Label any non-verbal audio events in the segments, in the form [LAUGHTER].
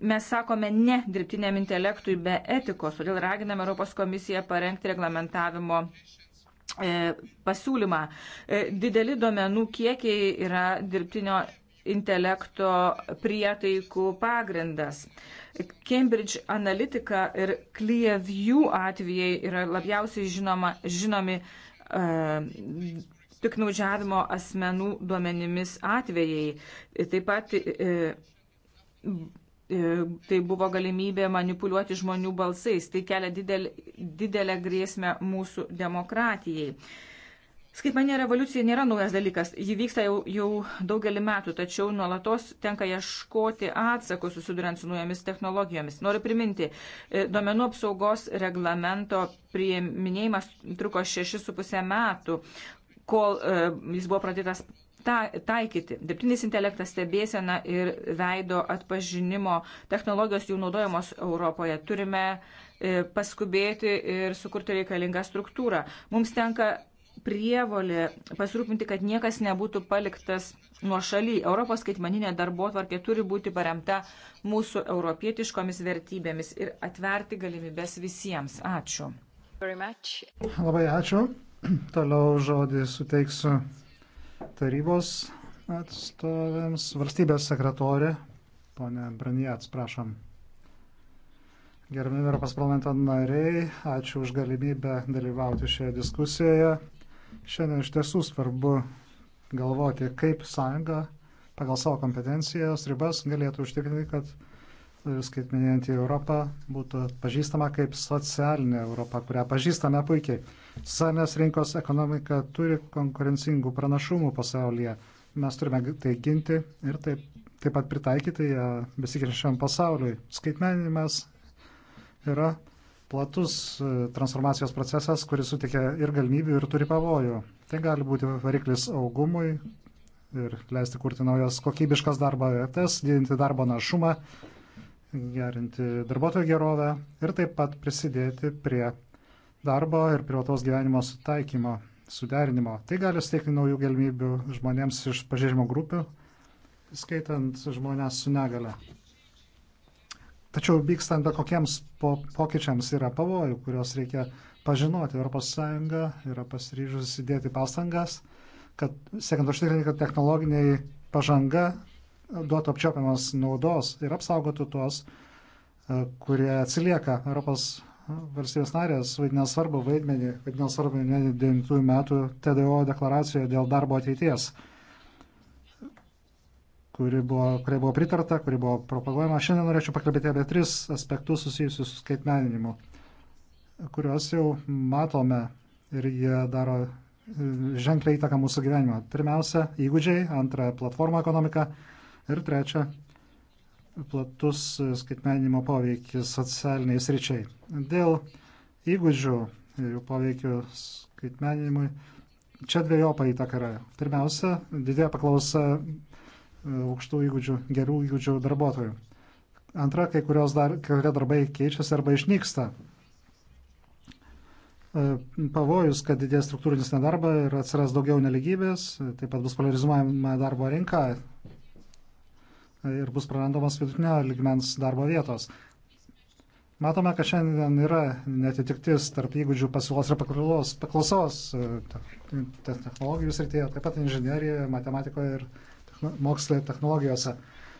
mes sakome ne dirbtiniam intelektui be etikos, todėl raginame Europos komisiją parengti reglamentavimo e, pasiūlymą. E, dideli duomenų kiekiai yra dirbtinio intelekto prietaikų pagrindas. Cambridge Analytica ir Clearview atvejai yra labiausiai žinoma, žinomi uh, e, piknaudžiavimo asmenų duomenimis atvejai. Taip pat uh, E, tai buvo galimybė manipuliuoti žmonių balsais. Tai kelia didel, didelę grėsmę mūsų demokratijai. Skaitmeninė revoliucija nėra naujas dalykas, ji vyksta jau, jau daugelį metų, tačiau nuolatos tenka ieškoti atsakų susidurant su naujomis technologijomis. Noriu priminti, e, duomenų apsaugos reglamento prieminėjimas truko 6,5 metų, kol e, jis buvo pradėtas ta, taikyti. Dirbtinis intelektas stebėsena ir veido atpažinimo technologijos jau naudojamos Europoje. Turime e, paskubėti ir sukurti reikalingą struktūrą. Mums tenka prievolė pasirūpinti, kad niekas nebūtų paliktas nuo šaly. Europos skaitmaninė darbo tvarkė turi būti paremta mūsų europietiškomis vertybėmis ir atverti galimybės visiems. Ačiū. Labai ačiū. [CLEARS THROAT] Toliau žodį suteiksiu tarybos atstovėms, valstybės sekretorė, ponė Branijats, prašom. Gerbimi Europos parlamento nariai, ačiū už galimybę dalyvauti šioje diskusijoje. Šiandien iš tiesų svarbu galvoti, kaip sąjunga pagal savo kompetencijos ribas galėtų užtikrinti, kad skaitmeninti Europą būtų pažįstama kaip socialinė Europa, kurią pažįstame puikiai. Socialinės rinkos ekonomika turi konkurencingų pranašumų pasaulyje. Mes turime tai ginti ir taip, taip pat pritaikyti ją besikeičiančiam pasauliui. Skaitmeninimas yra platus e, transformacijos procesas, kuris suteikia ir galimybių, ir turi pavojų. Tai gali būti variklis augumui ir leisti kurti naujas kokybiškas darbo vietas, didinti darbo našumą gerinti darbuotojų gerovę ir taip pat prisidėti prie darbo ir privataus gyvenimo sutaikymo, suderinimo. Tai gali steigti naujų galimybių žmonėms iš pažeidimo grupių, skaitant žmonės su negale. Tačiau vykstant be kokiems po, pokyčiams yra pavojų, kuriuos reikia pažinoti. ES yra pasiryžusi dėti pastangas, kad siekiant užtikrinti, kad technologiniai pažanga duotų apčiopiamas naudos ir apsaugotų tuos, e, kurie atsilieka. Europos valstybės narės vaidina svarbu vaidmenį, vaidina svarbu 9 metų TDO deklaracijoje dėl darbo ateities, kuri buvo, kuri buvo pritarta, kuri buvo propaguojama. Šiandien norėčiau pakalbėti apie tris aspektus susijusius su skaitmeninimu, kuriuos jau matome ir jie daro e, ženkliai įtaką mūsų gyvenimą. Pirmiausia, įgūdžiai, antra, platforma ekonomika Ir trečia, platus skaitmeninimo poveikis socialiniai sričiai. Dėl įgūdžių ir jų poveikio skaitmeninimui čia dviejopa įtaka yra. Pirmiausia, didėja paklausa e, aukštų įgūdžių, gerų įgūdžių darbuotojų. Antra, kai kurios dar, kai kurie darbai keičiasi arba išnyksta. E, pavojus, kad didės struktūrinis nedarbas ir atsiras daugiau neligybės, taip pat bus polarizuojama darbo rinka, ir bus prarandamos vidutinio ligmens darbo vietos. Matome, kad šiandien yra netitiktis tarp įgūdžių pasiūlos ir paklausos, paklausos e, technologijų srityje, taip pat inžinierijoje, matematikoje ir techno, moksle technologijose.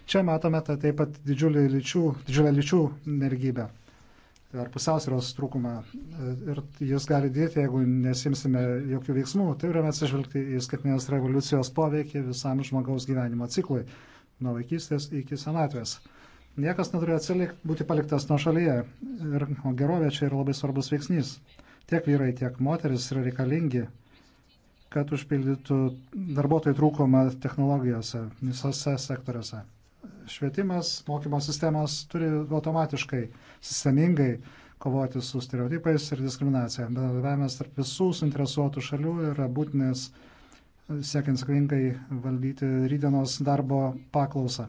Čia matome ta, taip pat didžiulį lyčių, didžiulę lyčių nergybę ar pusiausvėros trūkumą. E, ir jis gali dėti, jeigu nesimsime jokių veiksmų. Tai turime atsižvelgti į skaitinės revoliucijos poveikį visam žmogaus gyvenimo ciklui nuo vaikystės iki senatvės. Niekas neturi atsilik, būti paliktas nuo šalyje, ir, o gerovė čia yra labai svarbus veiksnys. Tiek vyrai, tiek moteris yra reikalingi, kad užpildytų darbuotojų trūkumą technologijose, visose sektoriuose. Švietimas, mokymo sistemos turi automatiškai, sistemingai kovoti su stereotipais ir diskriminacija. Bendradavimas tarp visų suinteresuotų šalių yra būtinas siekiant skringai valdyti rydienos darbo paklausą.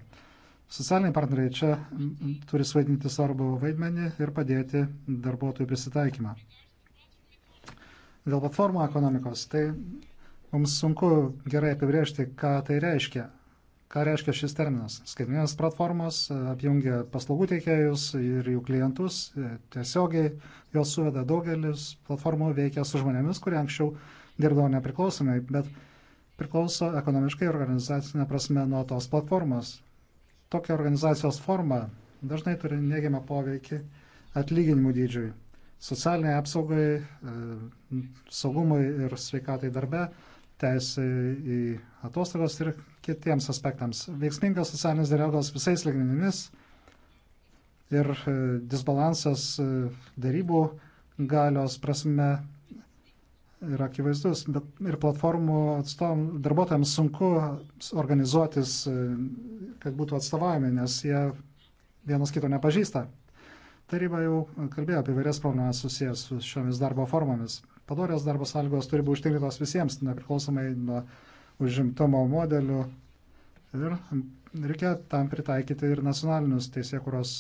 Socialiniai partneriai čia turi svaidinti svarbų vaidmenį ir padėti darbuotojų prisitaikymą. Dėl platformų ekonomikos, tai mums sunku gerai apibriežti, ką tai reiškia. Ką reiškia šis terminas? Skaitminės platformos apjungia paslaugų teikėjus ir jų klientus, tiesiogiai jos suveda daugelis platformų veikia su žmonėmis, kurie anksčiau dirbdavo nepriklausomai, bet priklauso ekonomiškai ir organizacinė prasme nuo tos platformos. Tokia organizacijos forma dažnai turi neigiamą poveikį atlyginimų dydžiui, socialiniai apsaugai, e, saugumui ir sveikatai darbe, teisai į atostogas ir kitiems aspektams. Veiksmingas socialinis dialogas visais lygmenimis ir e, disbalansas e, darybų galios prasme yra akivaizdus, bet ir platformų atstovom, darbuotojams sunku organizuotis, kad būtų atstovavami, nes jie vienas kito nepažįsta. Taryba jau kalbėjo apie vairias problemas susijęs su šiomis darbo formomis. Padorės darbo sąlygos turi būti užtikrintos visiems, nepriklausomai nuo užimtumo modelių. Ir reikia tam pritaikyti ir nacionalinius teisėkuros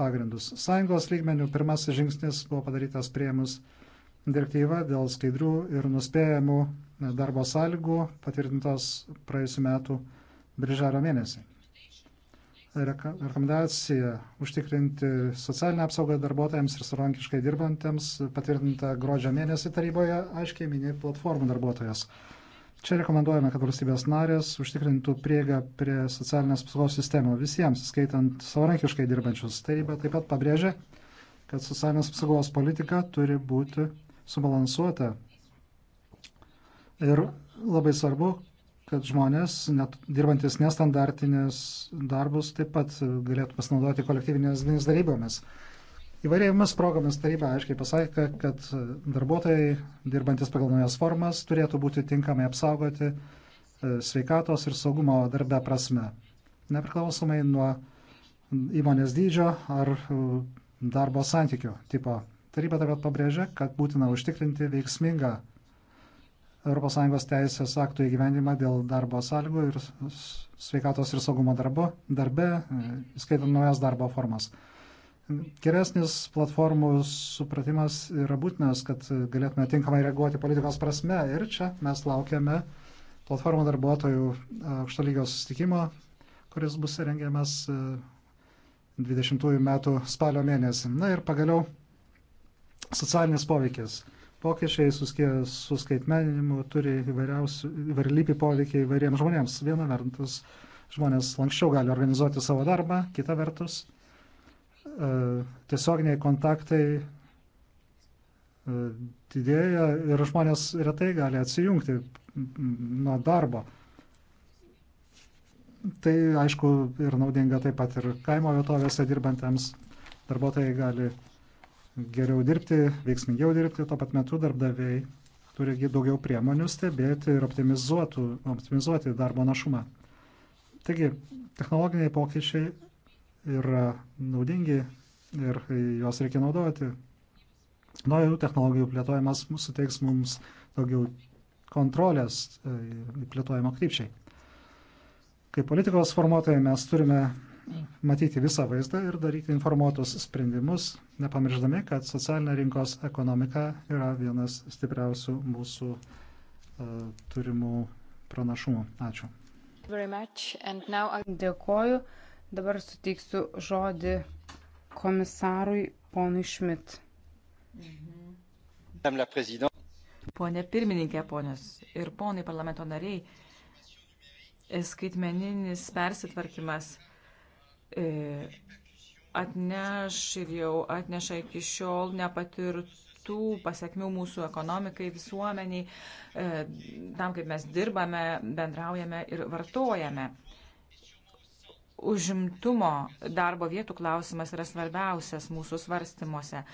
pagrindus. Sąjungos lygmenių pirmasis žingsnis buvo padarytas prieimus direktyva dėl skaidrių ir nuspėjamų darbo sąlygų patvirtintos praėjusiu metu birželio mėnesį. Rekomendacija užtikrinti socialinę apsaugą darbuotojams ir savarankiškai dirbantiems patvirtinta gruodžio mėnesį taryboje aiškiai mini platformų darbuotojas. Čia rekomenduojame, kad valstybės narės užtikrintų prieigą prie socialinės apsaugos sistemų visiems, skaitant savarankiškai dirbančius. Taryba taip pat pabrėžia, kad socialinės apsaugos politika turi būti subalansuota. Ir labai svarbu, kad žmonės, net dirbantis nestandartinės darbus, taip pat galėtų pasinaudoti kolektyvinės darybomis. Įvairiomis progomis taryba aiškiai pasakė, kad darbuotojai, dirbantis pagal naujas formas, turėtų būti tinkamai apsaugoti e, sveikatos ir saugumo darbe prasme, nepriklausomai nuo įmonės dydžio ar e, darbo santykių tipo. Taryba taip pat pabrėžia, kad būtina užtikrinti veiksmingą ES teisės aktų įgyvendimą dėl darbo sąlygų ir sveikatos ir saugumo darbo, darbe, skaitant naujas darbo formas. Geresnis platformų supratimas yra būtinas, kad galėtume tinkamai reaguoti politikos prasme ir čia mes laukiame platformų darbuotojų aukšto lygio sustikimo, kuris bus rengiamas 20 e, metų spalio mėnesį. Na ir pagaliau Socialinis poveikis. Pokyčiai su skaitmeninimu turi įvairialypį poveikį įvairiems žmonėms. Viena vertus, žmonės lankščiau gali organizuoti savo darbą, kita vertus, e, tiesioginiai kontaktai e, didėja ir žmonės retai gali atsijungti nuo darbo. Tai aišku ir naudinga taip pat ir kaimo vietovėse dirbantiems darbuotojai gali geriau dirbti, veiksmingiau dirbti, tuo pat metu darbdaviai turi daugiau priemonių stebėti ir optimizuoti darbo našumą. Taigi, technologiniai pokyčiai yra naudingi ir juos reikia naudoti. Naujų technologijų plėtojimas suteiks mums daugiau kontrolės e, plėtojimo krypčiai. Kaip politikos formuotojai mes turime matyti visą vaizdą ir daryti informuotus sprendimus, nepamirždami, kad socialinė rinkos ekonomika yra vienas stipriausių mūsų uh, turimų pranašumų. Ačiū. I... Dėkoju. Dabar suteiksiu žodį komisarui ponui Šmit. Pone pirmininkė, ponios ir ponai parlamento nariai, skaitmeninis persitvarkymas E, atneš ir jau atneša iki šiol nepatirtų pasiekmių mūsų ekonomikai, visuomeniai, e, tam, kaip mes dirbame, bendraujame ir vartojame. Užimtumo darbo vietų klausimas yra svarbiausias mūsų svarstymuose.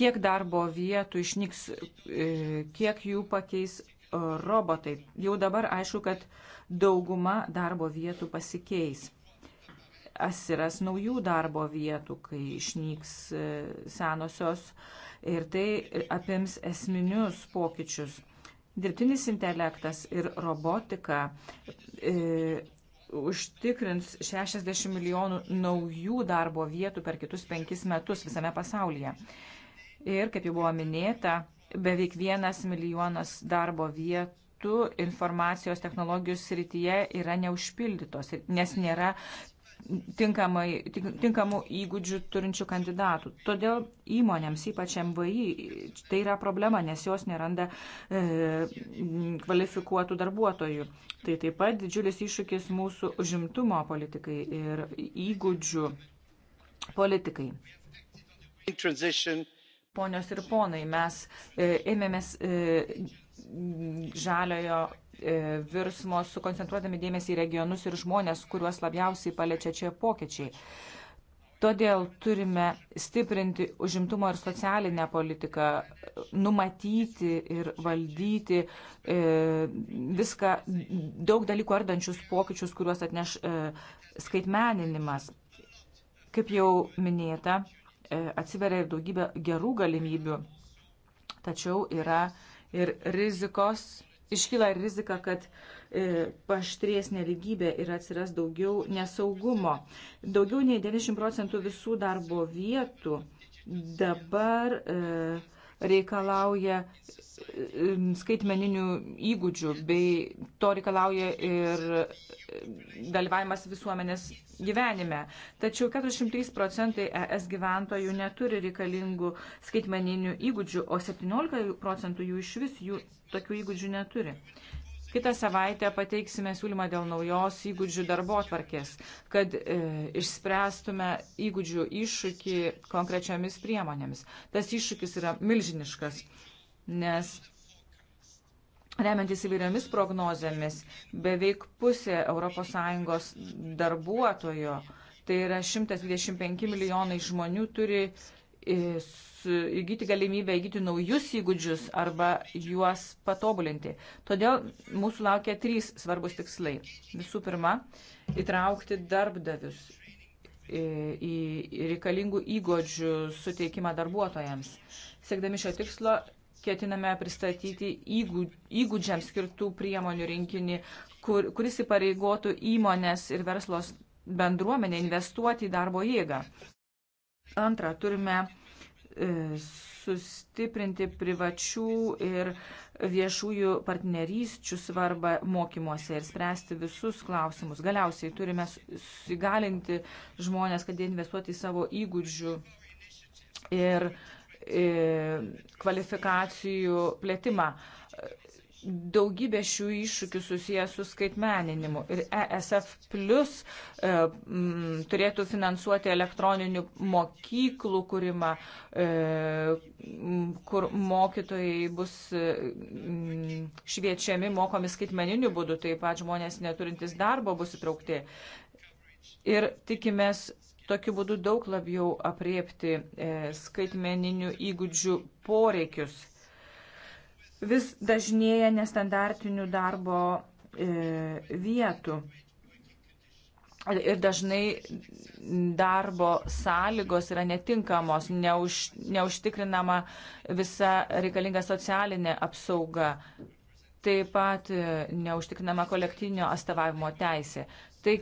Kiek darbo vietų išnyks, e, kiek jų pakeis robotai. Jau dabar aišku, kad dauguma darbo vietų pasikeis atsiras naujų darbo vietų, kai išnyks e, senosios ir tai apims esminius pokyčius. Dirbtinis intelektas ir robotika e, užtikrins 60 milijonų naujų darbo vietų per kitus penkis metus visame pasaulyje. Ir, kaip jau buvo minėta, beveik vienas milijonas darbo vietų informacijos technologijų srityje yra neužpildytos, nes nėra tinkamai, tinkamų įgūdžių turinčių kandidatų. Todėl įmonėms, ypač MVI, tai yra problema, nes jos neranda e, kvalifikuotų darbuotojų. Tai taip pat didžiulis iššūkis mūsų užimtumo politikai ir įgūdžių politikai. Ponios ir ponai, mes e, ėmėmės e, žaliojo E, virsmo, sukoncentruodami dėmesį į regionus ir žmonės, kuriuos labiausiai paliečia čia pokyčiai. Todėl turime stiprinti užimtumo ir socialinę politiką, numatyti ir valdyti e, viską, daug dalykų ardančius pokyčius, kuriuos atneš e, skaitmeninimas. Kaip jau minėta, e, atsiveria ir daugybė gerų galimybių, tačiau yra ir rizikos iškyla rizika, kad e, paštrės neligybė ir atsiras daugiau nesaugumo. Daugiau nei 90 procentų visų darbo vietų dabar e, reikalauja skaitmeninių įgūdžių, bei to reikalauja ir dalyvavimas visuomenės gyvenime. Tačiau 43 procentai ES gyventojų neturi reikalingų skaitmeninių įgūdžių, o 17 procentų jų iš vis jų tokių įgūdžių neturi. Kitą savaitę pateiksime siūlymą dėl naujos įgūdžių darbo atvarkės, kad e, išspręstume įgūdžių iššūkį konkrečiomis priemonėmis. Tas iššūkis yra milžiniškas, nes remiantis įvairiomis prognozėmis, beveik pusė ES darbuotojų, tai yra 125 milijonai žmonių, turi e, įgyti galimybę įgyti naujus įgūdžius arba juos patobulinti. Todėl mūsų laukia trys svarbus tikslai. Visų pirma, įtraukti darbdavius į reikalingų įgūdžių suteikimą darbuotojams. Siekdami šio tikslo ketiname pristatyti įgūdžiams skirtų priemonių rinkinį, kur, kuris įpareigotų įmonės ir verslos bendruomenę investuoti į darbo jėgą. Antra, turime E, sustiprinti privačių ir viešųjų partnerysčių svarbą mokymuose ir spręsti visus klausimus. Galiausiai turime įgalinti žmonės, kad jie investuotų į savo įgūdžių ir e, kvalifikacijų plėtimą daugybė šių iššūkių susijęs su skaitmeninimu. Ir ESF plus e, m, turėtų finansuoti elektroninių mokyklų kūrimą, e, kur mokytojai bus e, m, šviečiami, mokomi skaitmeniniu būdu, taip pat žmonės neturintys darbo bus įtraukti. Ir tikimės tokiu būdu daug labiau apriepti e, skaitmeninių įgūdžių poreikius vis dažnėja nestandartinių darbo e, vietų. Ir dažnai darbo sąlygos yra netinkamos, neuž, neužtikrinama visa reikalinga socialinė apsauga, taip pat e, neužtikrinama kolektyvinio atstovavimo teisė. Tai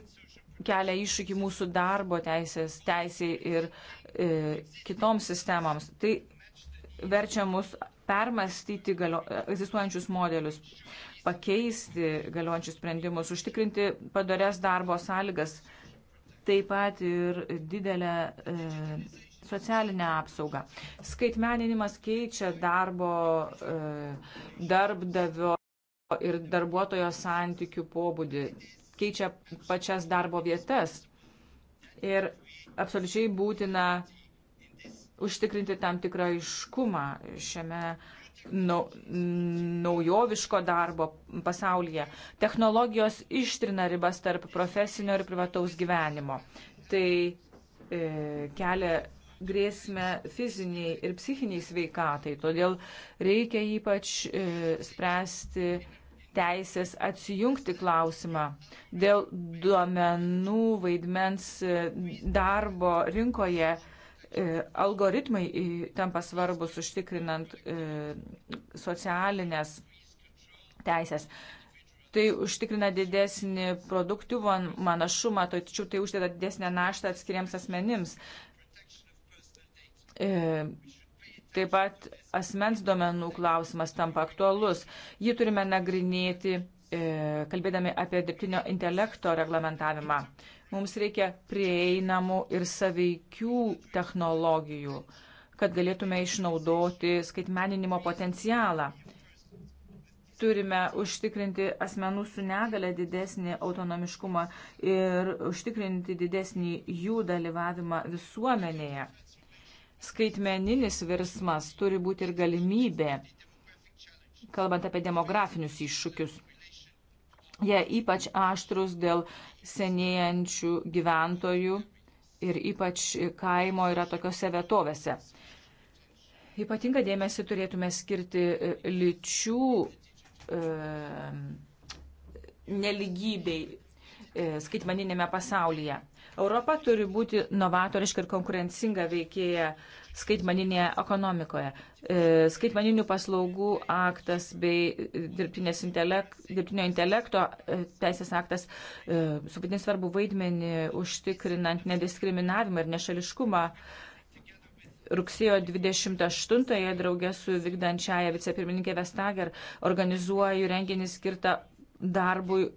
kelia iššūkį mūsų darbo teisės, teisiai ir e, kitoms sistemams. Tai verčia mus permastyti galio, egzistuojančius modelius, pakeisti galiojančius sprendimus, užtikrinti padarės darbo sąlygas, taip pat ir didelę e, socialinę apsaugą. Skaitmeninimas keičia darbo e, darbdavio ir darbuotojo santykių pobūdį, keičia pačias darbo vietas. Ir absoliučiai būtina užtikrinti tam tikrą iškumą šiame nau, naujoviško darbo pasaulyje. Technologijos ištrina ribas tarp profesinio ir privataus gyvenimo. Tai e, kelia grėsmę fiziniai ir psichiniai sveikatai. Todėl reikia ypač e, spręsti teisės atsijungti klausimą dėl duomenų vaidmens e, darbo rinkoje. E, E, algoritmai tampa svarbus užtikrinant e, socialinės teisės. Tai užtikrina didesnį produktyvų manašumą, tai- tačiau tai uždeda didesnę naštą atskiriems asmenims. E, taip pat asmens duomenų klausimas tampa aktualus. Jį turime nagrinėti, kalbėdami apie dirbtinio intelekto reglamentavimą. Mums reikia prieinamų ir saveikių technologijų, kad galėtume išnaudoti skaitmeninimo potencialą. Turime užtikrinti asmenų su negale didesnį autonomiškumą ir užtikrinti didesnį jų dalyvavimą visuomenėje. Skaitmeninis virsmas turi būti ir galimybė, kalbant apie demografinius iššūkius Jie ypač aštrus dėl senėjančių gyventojų ir ypač kaimo yra tokiose vietovėse. Ypatinga dėmesį turėtume skirti e, lyčių e, neligybei e, skaitmaninėme pasaulyje. Europa turi būti novatoriška ir konkurencinga veikėja skaitmaninėje ekonomikoje. E, Skaitmaninių paslaugų aktas bei intelek, dirbtinio intelekto e, teisės aktas e, suvaidins svarbu vaidmenį užtikrinant nediskriminavimą ir nešališkumą rugsėjo 28-ąją draugę su vykdančiaja vicepirmininkė Vestager organizuoju renginį skirtą darbui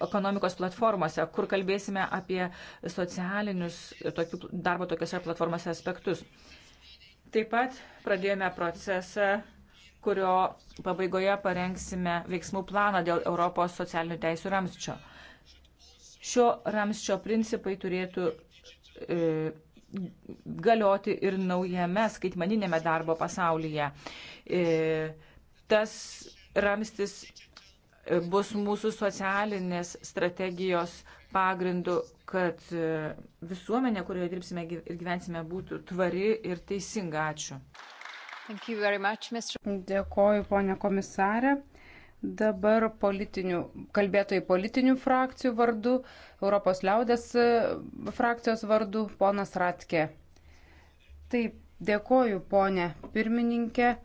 ekonomikos platformose, kur kalbėsime apie socialinius tokių, darbo tokiuose platformose aspektus. Taip pat pradėjome procesą, kurio pabaigoje parengsime veiksmų planą dėl Europos socialinių teisų ramsčio. Šio ramsčio principai turėtų e, galioti ir naujame skaitmaninėme darbo pasaulyje. E, tas ramstis bus mūsų socialinės strategijos pagrindu, kad e, visuomenė, kurioje dirbsime ir gyvensime, būtų tvari ir teisinga. Ačiū. Much, Mr. Dėkoju, ponė komisarė. Dabar politinių, kalbėtojai politinių frakcijų vardu, Europos liaudės e, frakcijos vardu, ponas Ratke. Taip, dėkoju, ponė pirmininkė.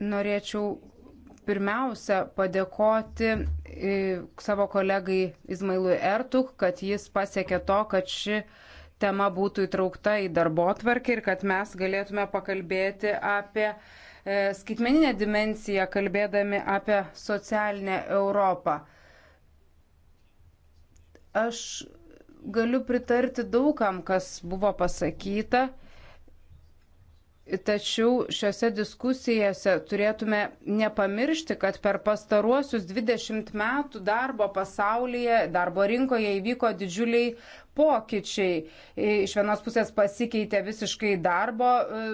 Norėčiau pirmiausia padėkoti e, savo kolegai Izmailui Ertuk, kad jis pasiekė to, kad ši tema būtų įtraukta į darbo tvarkį ir kad mes galėtume pakalbėti apie e, skaitmeninę dimenciją, kalbėdami apie socialinę Europą. Aš galiu pritarti daugam, kas buvo pasakyta. Tačiau šiuose diskusijose turėtume nepamiršti, kad per pastaruosius 20 metų darbo pasaulyje, darbo rinkoje įvyko didžiuliai pokyčiai. E, iš vienos pusės pasikeitė visiškai darbo e,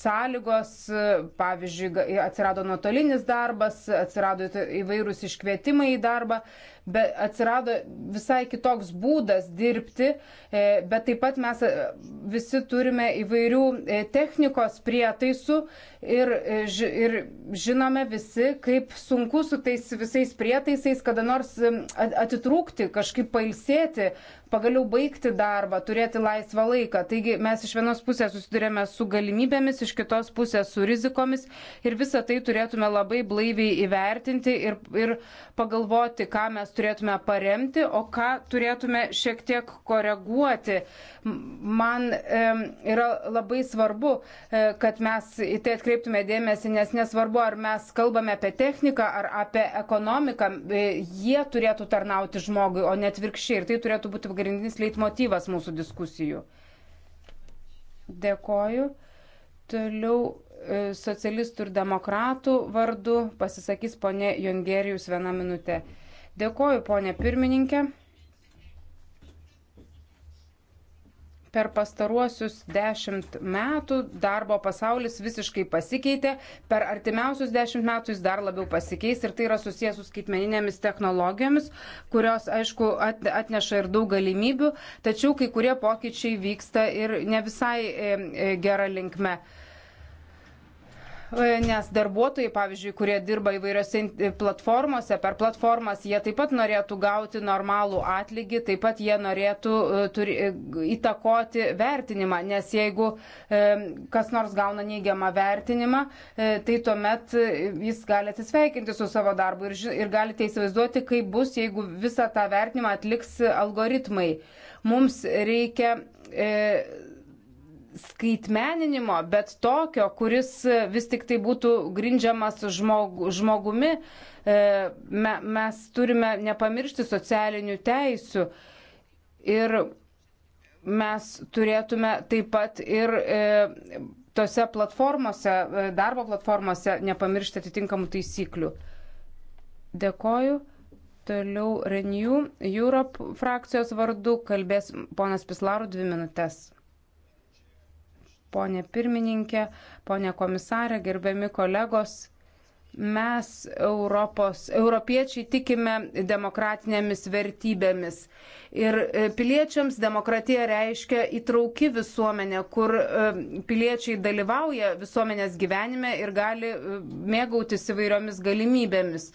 sąlygos, e, pavyzdžiui, atsirado nuotolinis darbas, atsirado įvairūs iškvietimai į darbą, bet atsirado visai kitoks būdas dirbti, bet taip pat mes visi turime įvairių technikos prietaisų ir, ir žinome visi, kaip sunku su tais visais prietaisais kada nors atitrūkti, kažkaip pailsėti, pagaliau baigti darbą, turėti laisvą laiką. Taigi mes iš vienos pusės susidurėme su galimybėmis, iš kitos pusės su rizikomis ir visą tai turėtume labai blaiviai įvertinti ir, ir pagalvoti, ką mes turėtume paremti, o ką turėtume šiek tiek koreguoti. Man e, yra labai svarbu, e, kad mes į tai atkreiptume dėmesį, nes nesvarbu, ar mes kalbame apie techniką ar apie ekonomiką, e, jie turėtų tarnauti žmogui, o net virkščiai. Ir tai turėtų būti pagrindinis leitmotyvas mūsų diskusijų. Dėkoju. Toliau e, socialistų ir demokratų vardu pasisakys ponė Jongerijus vieną minutę. Dėkoju, ponė pirmininkė. per pastaruosius dešimt metų darbo pasaulis visiškai pasikeitė, per artimiausius dešimt metų jis dar labiau pasikeis ir tai yra susijęs su skaitmeninėmis technologijomis, kurios, aišku, atneša ir daug galimybių, tačiau kai kurie pokyčiai vyksta ir ne visai e, e, gera linkme. E, nes darbuotojai, pavyzdžiui, kurie dirba įvairiose e, platformose, per platformas, jie taip pat norėtų gauti normalų atlygį, taip pat jie norėtų e, turi, įtakoti vertinimą, nes jeigu kas nors gauna neigiamą vertinimą, tai tuomet jis gali atsisveikinti su savo darbu ir, ir galite įsivaizduoti, kaip bus, jeigu visą tą vertinimą atliks algoritmai. Mums reikia skaitmeninimo, bet tokio, kuris vis tik tai būtų grindžiamas žmog, žmogumi. E, me, mes turime nepamiršti socialinių teisių ir mes turėtume taip pat ir e, tose platformose, e, darbo platformose nepamiršti atitinkamų taisyklių. Dėkoju. Toliau Renew Europe frakcijos vardu kalbės ponas Pislaru dvi minutės ponė pirmininkė, ponė komisarė, gerbiami kolegos. Mes, Europos, europiečiai, tikime demokratinėmis vertybėmis. Ir e, piliečiams demokratija reiškia įtrauki visuomenė, kur e, piliečiai dalyvauja visuomenės gyvenime ir gali e, mėgautis įvairiomis galimybėmis.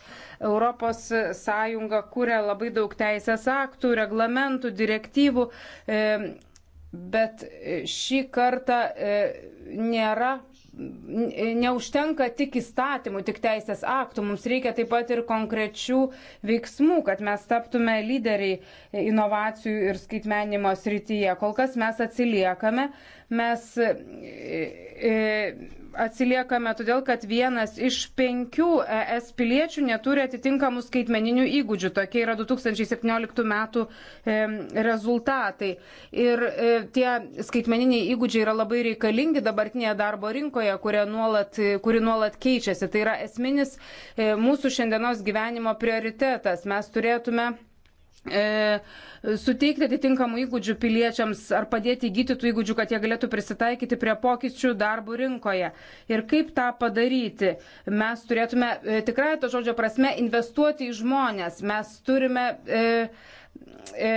Europos Sąjunga kuria labai daug teisės aktų, reglamentų, direktyvų. E, bet e, šį kartą e, nėra, e, neužtenka tik įstatymų, tik teisės aktų, mums reikia taip pat ir konkrečių veiksmų, kad mes taptume lyderiai inovacijų ir skaitmenimo srityje. Kol kas mes atsiliekame, mes e, e, atsiliekame todėl, kad vienas iš penkių ES piliečių neturi atitinkamų skaitmeninių įgūdžių. Tokie yra 2017 metų e, rezultatai. Ir tie skaitmeniniai įgūdžiai yra labai reikalingi dabartinėje darbo rinkoje, nuolat, kuri nuolat keičiasi. Tai yra esminis mūsų šiandienos gyvenimo prioritetas. Mes turėtume e, suteikti atitinkamų įgūdžių piliečiams ar padėti įgyti tų įgūdžių, kad jie galėtų prisitaikyti prie pokyčių darbų rinkoje. Ir kaip tą padaryti? Mes turėtume, e, tikrai to žodžio prasme, investuoti į žmonės. Mes turime. E, e,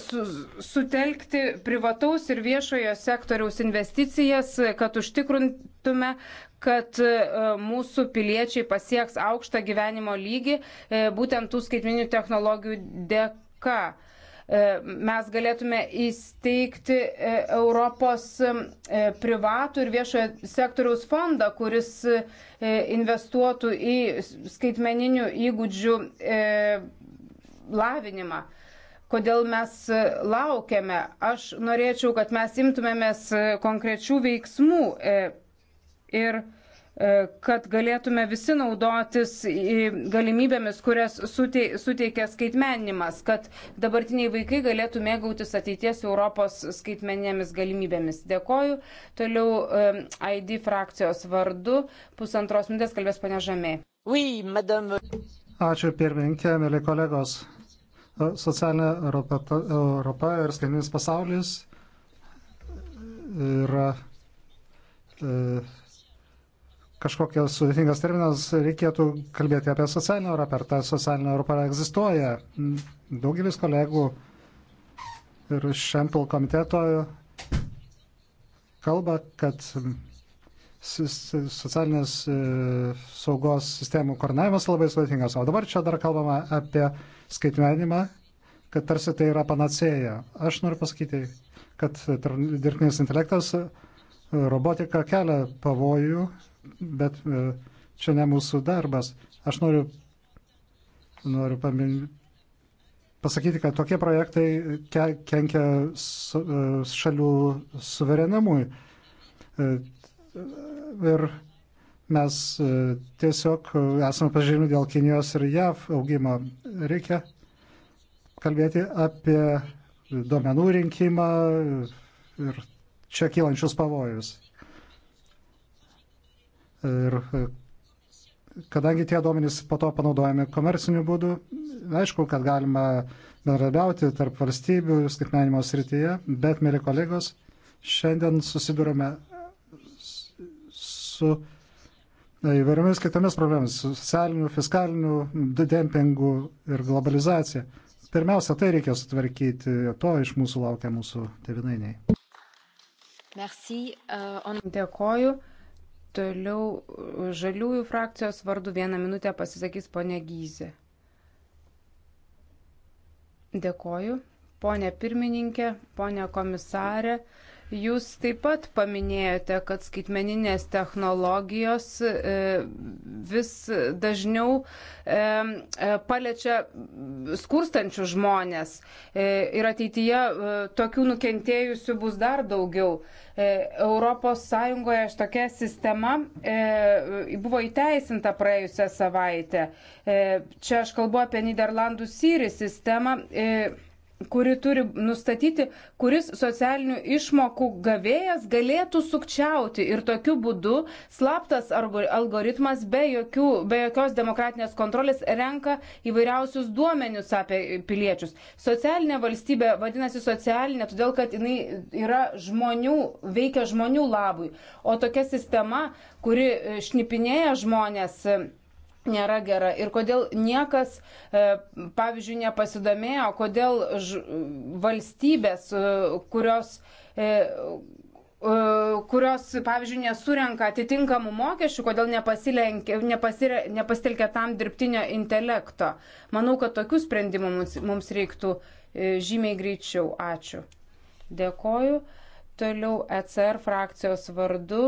su, sutelkti privataus ir viešojo sektoriaus investicijas, kad užtikrintume, kad e, mūsų piliečiai pasieks aukštą gyvenimo lygį e, būtent tų skaitminių technologijų dėka auka. E, mes galėtume įsteigti e, Europos e, privatų ir viešojo sektoriaus fondą, kuris investuotų į skaitmeninių įgūdžių lavinimą kodėl mes laukiame. Aš norėčiau, kad mes imtumėmės konkrečių veiksmų ir E, kad galėtume visi naudotis galimybėmis, kurias suteikia skaitmeninimas, kad dabartiniai vaikai galėtų mėgautis ateities Europos skaitmeninėmis galimybėmis. Dėkoju. Toliau e, ID frakcijos vardu pusantros minutės kalbės pane Žemė. Oui, madame. Ačiū pirmininkė, mėly kolegos. Socialinė Europa, Europa ir skaitmeninis pasaulis yra. E, kažkokios sudėtingas terminas, reikėtų kalbėti apie socialinę Europą. Ar ta socialinė Europa egzistuoja? Daugelis kolegų ir Šempil komiteto kalba, kad socialinės e, saugos sistemų koordinavimas labai sudėtingas. O dabar čia dar kalbama apie skaitmenimą, kad tarsi tai yra panacėja. Aš noriu pasakyti, kad dirbtinis intelektas Robotika kelia pavojų, bet e, čia ne mūsų darbas. Aš noriu, noriu pamin... pasakyti, kad tokie projektai ke kenkia su, e, šalių suverenamui. E, ir mes tiesiog esame pažymimi dėl Kinijos ir JAV augimo. Reikia kalbėti apie duomenų rinkimą ir čia kylančius pavojus. Ir e, kadangi tie duomenys po to panaudojami komerciniu būdu, aišku, kad galima bendradarbiauti tarp valstybių skaitmenimo srityje, bet, mėly kolegos, šiandien susidurime su e, įvairiomis kitomis problemomis - socialiniu, fiskaliniu dempingu ir globalizacija. Pirmiausia, tai reikia sutvarkyti, to iš mūsų laukia mūsų tevinainiai. Merci, uh, on... Dėkoju. Toliau uh, žaliųjų frakcijos vardu vieną minutę pasisakys ponė Gyzi. Dėkoju. Pone pirmininkė, ponė komisarė. Uh, Jūs taip pat paminėjote, kad skaitmeninės technologijos e, vis dažniau e, e, paliečia skurstančių žmonės ir ateityje tokių nukentėjusių bus dar daugiau. Europos Sąjungoje šitokia sistema buvo įteisinta praėjusią savaitę. Čia aš kalbu apie Niderlandų Syri sistemą kuri turi nustatyti, kuris socialinių išmokų gavėjas galėtų sukčiauti ir tokiu būdu slaptas algoritmas be, jokių, be jokios demokratinės kontrolės renka įvairiausius duomenius apie piliečius. Socialinė valstybė vadinasi socialinė, todėl kad jinai yra žmonių, veikia žmonių labui, o tokia sistema, kuri šnipinėja žmonės, nėra gera ir kodėl niekas, e, pavyzdžiui, nepasidomėjo, kodėl valstybės, e, kurios e, kurios, pavyzdžiui, nesurenka atitinkamų mokesčių, kodėl nepasire, nepasitelkia tam dirbtinio intelekto. Manau, kad tokių sprendimų mums, mums reiktų žymiai greičiau. Ačiū. Dėkoju. Toliau ECR frakcijos vardu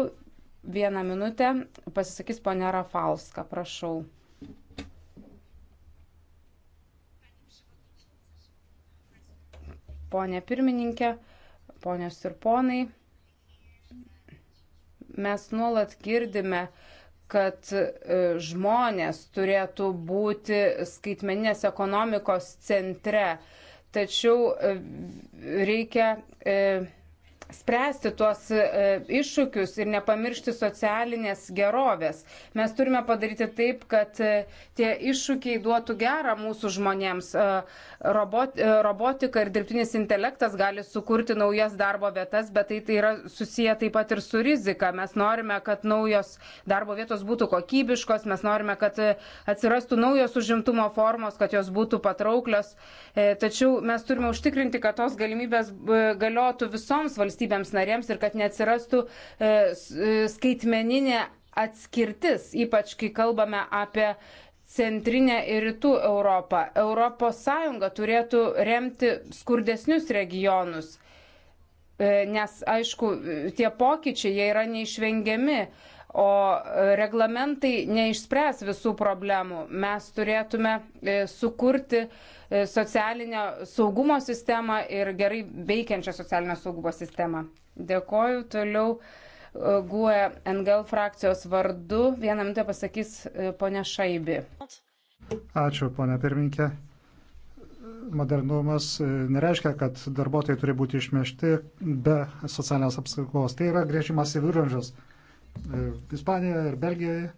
vieną minutę pasisakys ponia Rafalska, prašau. Pone pirmininkė, ponios ir ponai, mes nuolat girdime, kad e, žmonės turėtų būti skaitmeninės ekonomikos centre. Tačiau e, reikia e, spręsti tuos e, iššūkius ir nepamiršti socialinės gerovės. Mes turime padaryti taip, kad e, tie iššūkiai duotų gerą mūsų žmonėms. E, robot, robotika ir dirbtinis intelektas gali sukurti naujas darbo vietas, bet tai, tai yra susiję taip pat ir su rizika. Mes norime, kad naujos darbo vietos būtų kokybiškos, mes norime, kad atsirastų naujos užimtumo formos, kad jos būtų patrauklios. Tačiau mes turime užtikrinti, kad tos galimybės galiotų visoms valstybėms valstybėms narėms ir kad neatsirastų e, e, skaitmeninė atskirtis, ypač kai kalbame apie centrinę ir rytų Europą. Europos Sąjunga turėtų remti skurdesnius regionus, e, nes, aišku, tie pokyčiai, jie yra neišvengiami o e, reglamentai neišspręs visų problemų. Mes turėtume e, sukurti e, socialinio saugumo sistemą ir gerai veikiančią socialinio saugumo sistemą. Dėkoju toliau. GUE NGL frakcijos vardu vieną minutę pasakys ponia Šaibi. Ačiū, ponia pirminkė modernumas nereiškia, kad darbuotojai turi būti išmešti be socialinės apsaugos. Tai yra grėžimas į viduramžius. Ispanijoje ir Belgijoje,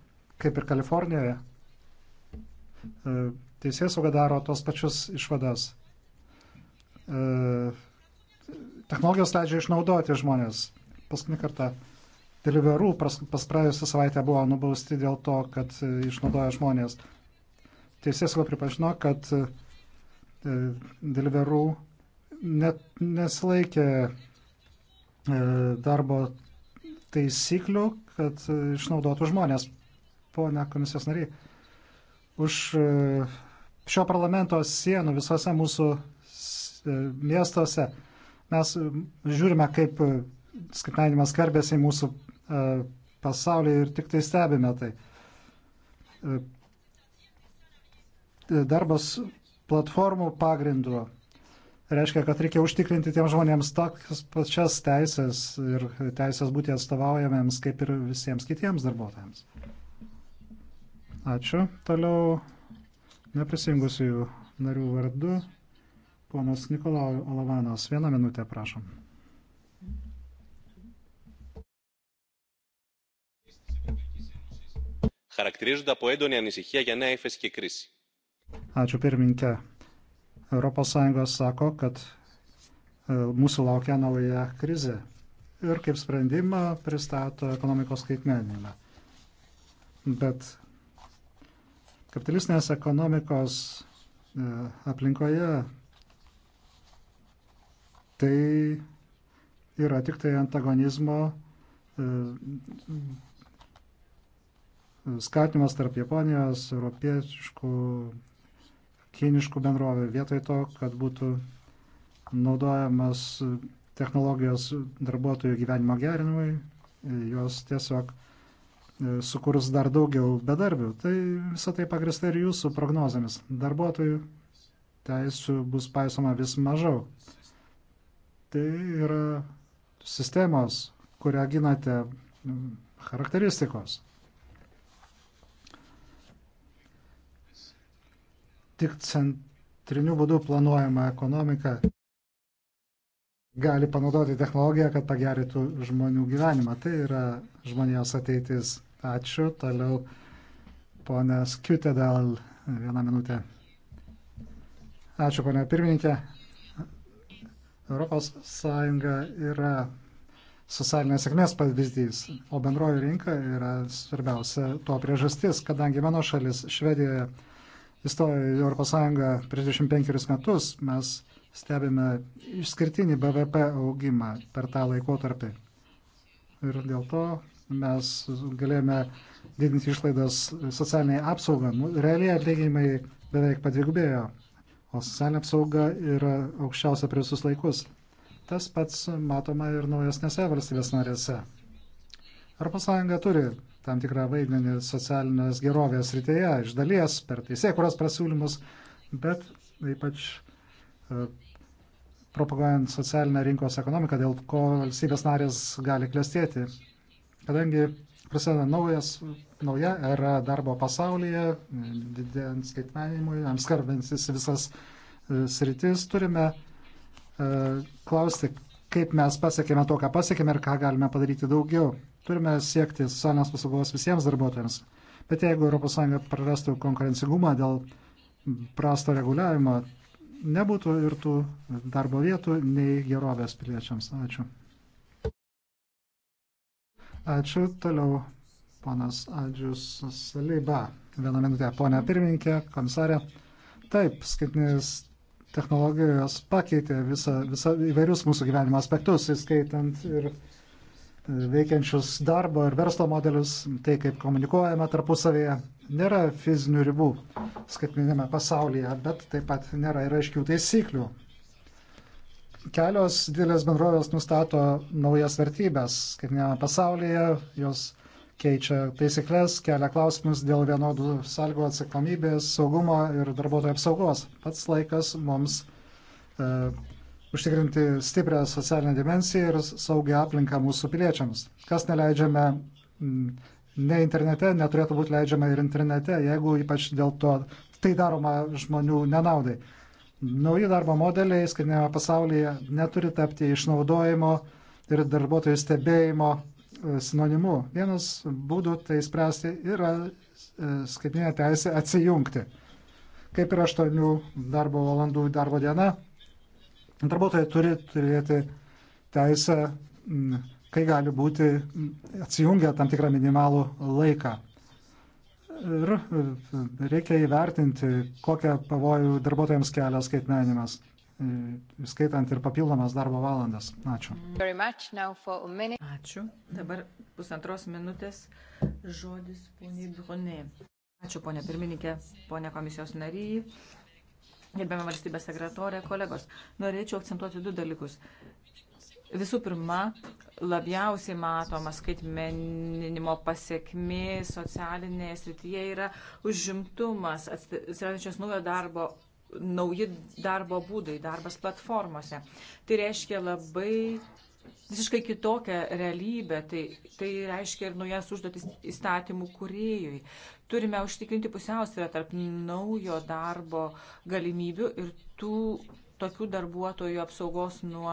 kaip ir Kalifornijoje, e, teisės sauga daro tos pačius išvadas. E, technologijos leidžia išnaudoti žmonės. Paskutinį kartą Deliveroo pas, pas praėjusią savaitę buvo nubausti dėl to, kad e, išnaudoja žmonės. Teisės sauga pripažino, kad Deliveroo net nesilaikė darbo taisyklių, kad e, išnaudotų žmonės. Pone komisijos nariai, už e, šio parlamento sienų visose mūsų e, miestuose mes žiūrime, kaip skaitmenimas skarbėsi į mūsų pasaulį ir tik tai stebime tai. Darbas platformų pagrindu reiškia, kad reikia užtikrinti tiem žmonėms tokias pačias teisės ir teisės būti atstovaujamiems kaip ir visiems kitiems darbuotojams. Ačiū. Toliau neprisijungusių narių vardu. Ponas Nikolau Olavanas, vieną minutę prašom. Χαρακτηρίζονται από έντονη ανησυχία για νέα ύφεση και κρίση. Ačiū pirmininkė. ES sako, kad e, mūsų laukia nauja krizė ir kaip sprendimą pristato ekonomikos skaitmeninimą. Bet kapitalistinės ekonomikos e, aplinkoje tai yra tik tai antagonizmo e, skatinimas tarp Japonijos, europiečių kiniškų bendrovių, vietoj to, kad būtų naudojamas technologijos darbuotojų gyvenimo gerinimui, jos tiesiog e, sukurs dar daugiau bedarbių. Tai visą tai pagrįsta ir jūsų prognozėmis. Darbuotojų teisų bus paisoma vis mažiau. Tai yra sistemos, kurią ginate, charakteristikos. tik centriniu būdu planuojama ekonomika gali panaudoti technologiją, kad pagerintų žmonių gyvenimą. Tai yra žmonijos ateitis. Ačiū. Toliau ponas Kiutedal. Vieną minutę. Ačiū, ponia pirmininkė. Europos Sąjunga yra socialinės sėkmės pavyzdys, o bendroji rinka yra svarbiausia to priežastis, kadangi mano šalis Švedijoje įstojo į ES prieš 25 metus, mes stebime išskirtinį BVP augimą per tą laikotarpį. Ir dėl to mes galėjome didinti išlaidas socialiniai apsaugą. Nu, realiai atlyginimai beveik padvigubėjo, o socialinė apsauga yra aukščiausia per visus laikus. Tas pats matoma ir naujasnėse valstybės narėse. ES turi tam tikrą vaidmenį socialinės gerovės rytėje, iš dalies per teisėkuros prasiūlymus, bet ypač e, propaguojant socialinę rinkos ekonomiką, dėl ko valstybės narės gali klestėti. Kadangi prasideda naujas, nauja era darbo pasaulyje, didėjant skaitmenimui, apskarbinsis visas e, sritis, turime e, klausti, kaip mes pasiekėme to, ką pasiekėme ir ką galime padaryti daugiau. Turime siekti socialinės paslaugos visiems darbuotojams. Bet jeigu ES prarastų konkurencingumą dėl prasto reguliavimo, nebūtų ir tų darbo vietų, nei gerovės piliečiams. Ačiū. Ačiū. Toliau ponas Adžius Salyba. Vieną minutę. Pone pirmininkė, komisarė. Taip, skaitinis technologijos pakeitė visą, visą įvairius mūsų gyvenimo aspektus, įskaitant ir veikiančius darbo ir verslo modelius, tai kaip komunikuojame tarpusavėje. Nėra fizinių ribų skaitminėme pasaulyje, bet taip pat nėra ir aiškių taisyklių. Kelios didelės bendrovės nustato naujas vertybės skaitminėme pasaulyje, jos keičia taisyklės, kelia klausimus dėl vienodų sąlygų atsakomybės, saugumo ir darbuotojų apsaugos. Pats laikas mums e, užtikrinti stiprią socialinę dimensiją ir saugią aplinką mūsų piliečiams. Kas neleidžiame mm, ne internete, neturėtų būti leidžiama ir internete, jeigu ypač dėl to tai daroma žmonių nenaudai. Nauji darbo modeliai skaitinėme pasaulyje neturi tapti išnaudojimo ir darbuotojų stebėjimo e, sinonimu. Vienas būdų tai spręsti yra e, skaitinė teisė atsijungti. Kaip ir aštuonių darbo valandų darbo diena, Darbuotojai turi turėti teisę, kai gali būti atsijungę tam tikrą minimalų laiką. Ir e, reikia įvertinti, kokią pavojų darbuotojams kelia skaitmenimas, e, skaitant ir papildomas darbo valandas. Ačiū. Ačiū. Dabar pusantros minutės žodis poniai Brunė. Ačiū, ponė pirmininkė, ponė komisijos nariai. Gerbiamą valstybės sekretorę, kolegos, norėčiau akcentuoti du dalykus. Visų pirma, labiausiai matoma skaitmeninimo pasiekmi socialinėje srityje yra užimtumas, atsirandančios naujo darbo, nauji darbo būdai, darbas platformose. Tai reiškia labai visiškai kitokią realybę, tai, tai reiškia ir naujas užduotis įstatymų kuriejui. Turime užtikrinti pusiausvę tarp naujo darbo galimybių ir tų tokių darbuotojų apsaugos nuo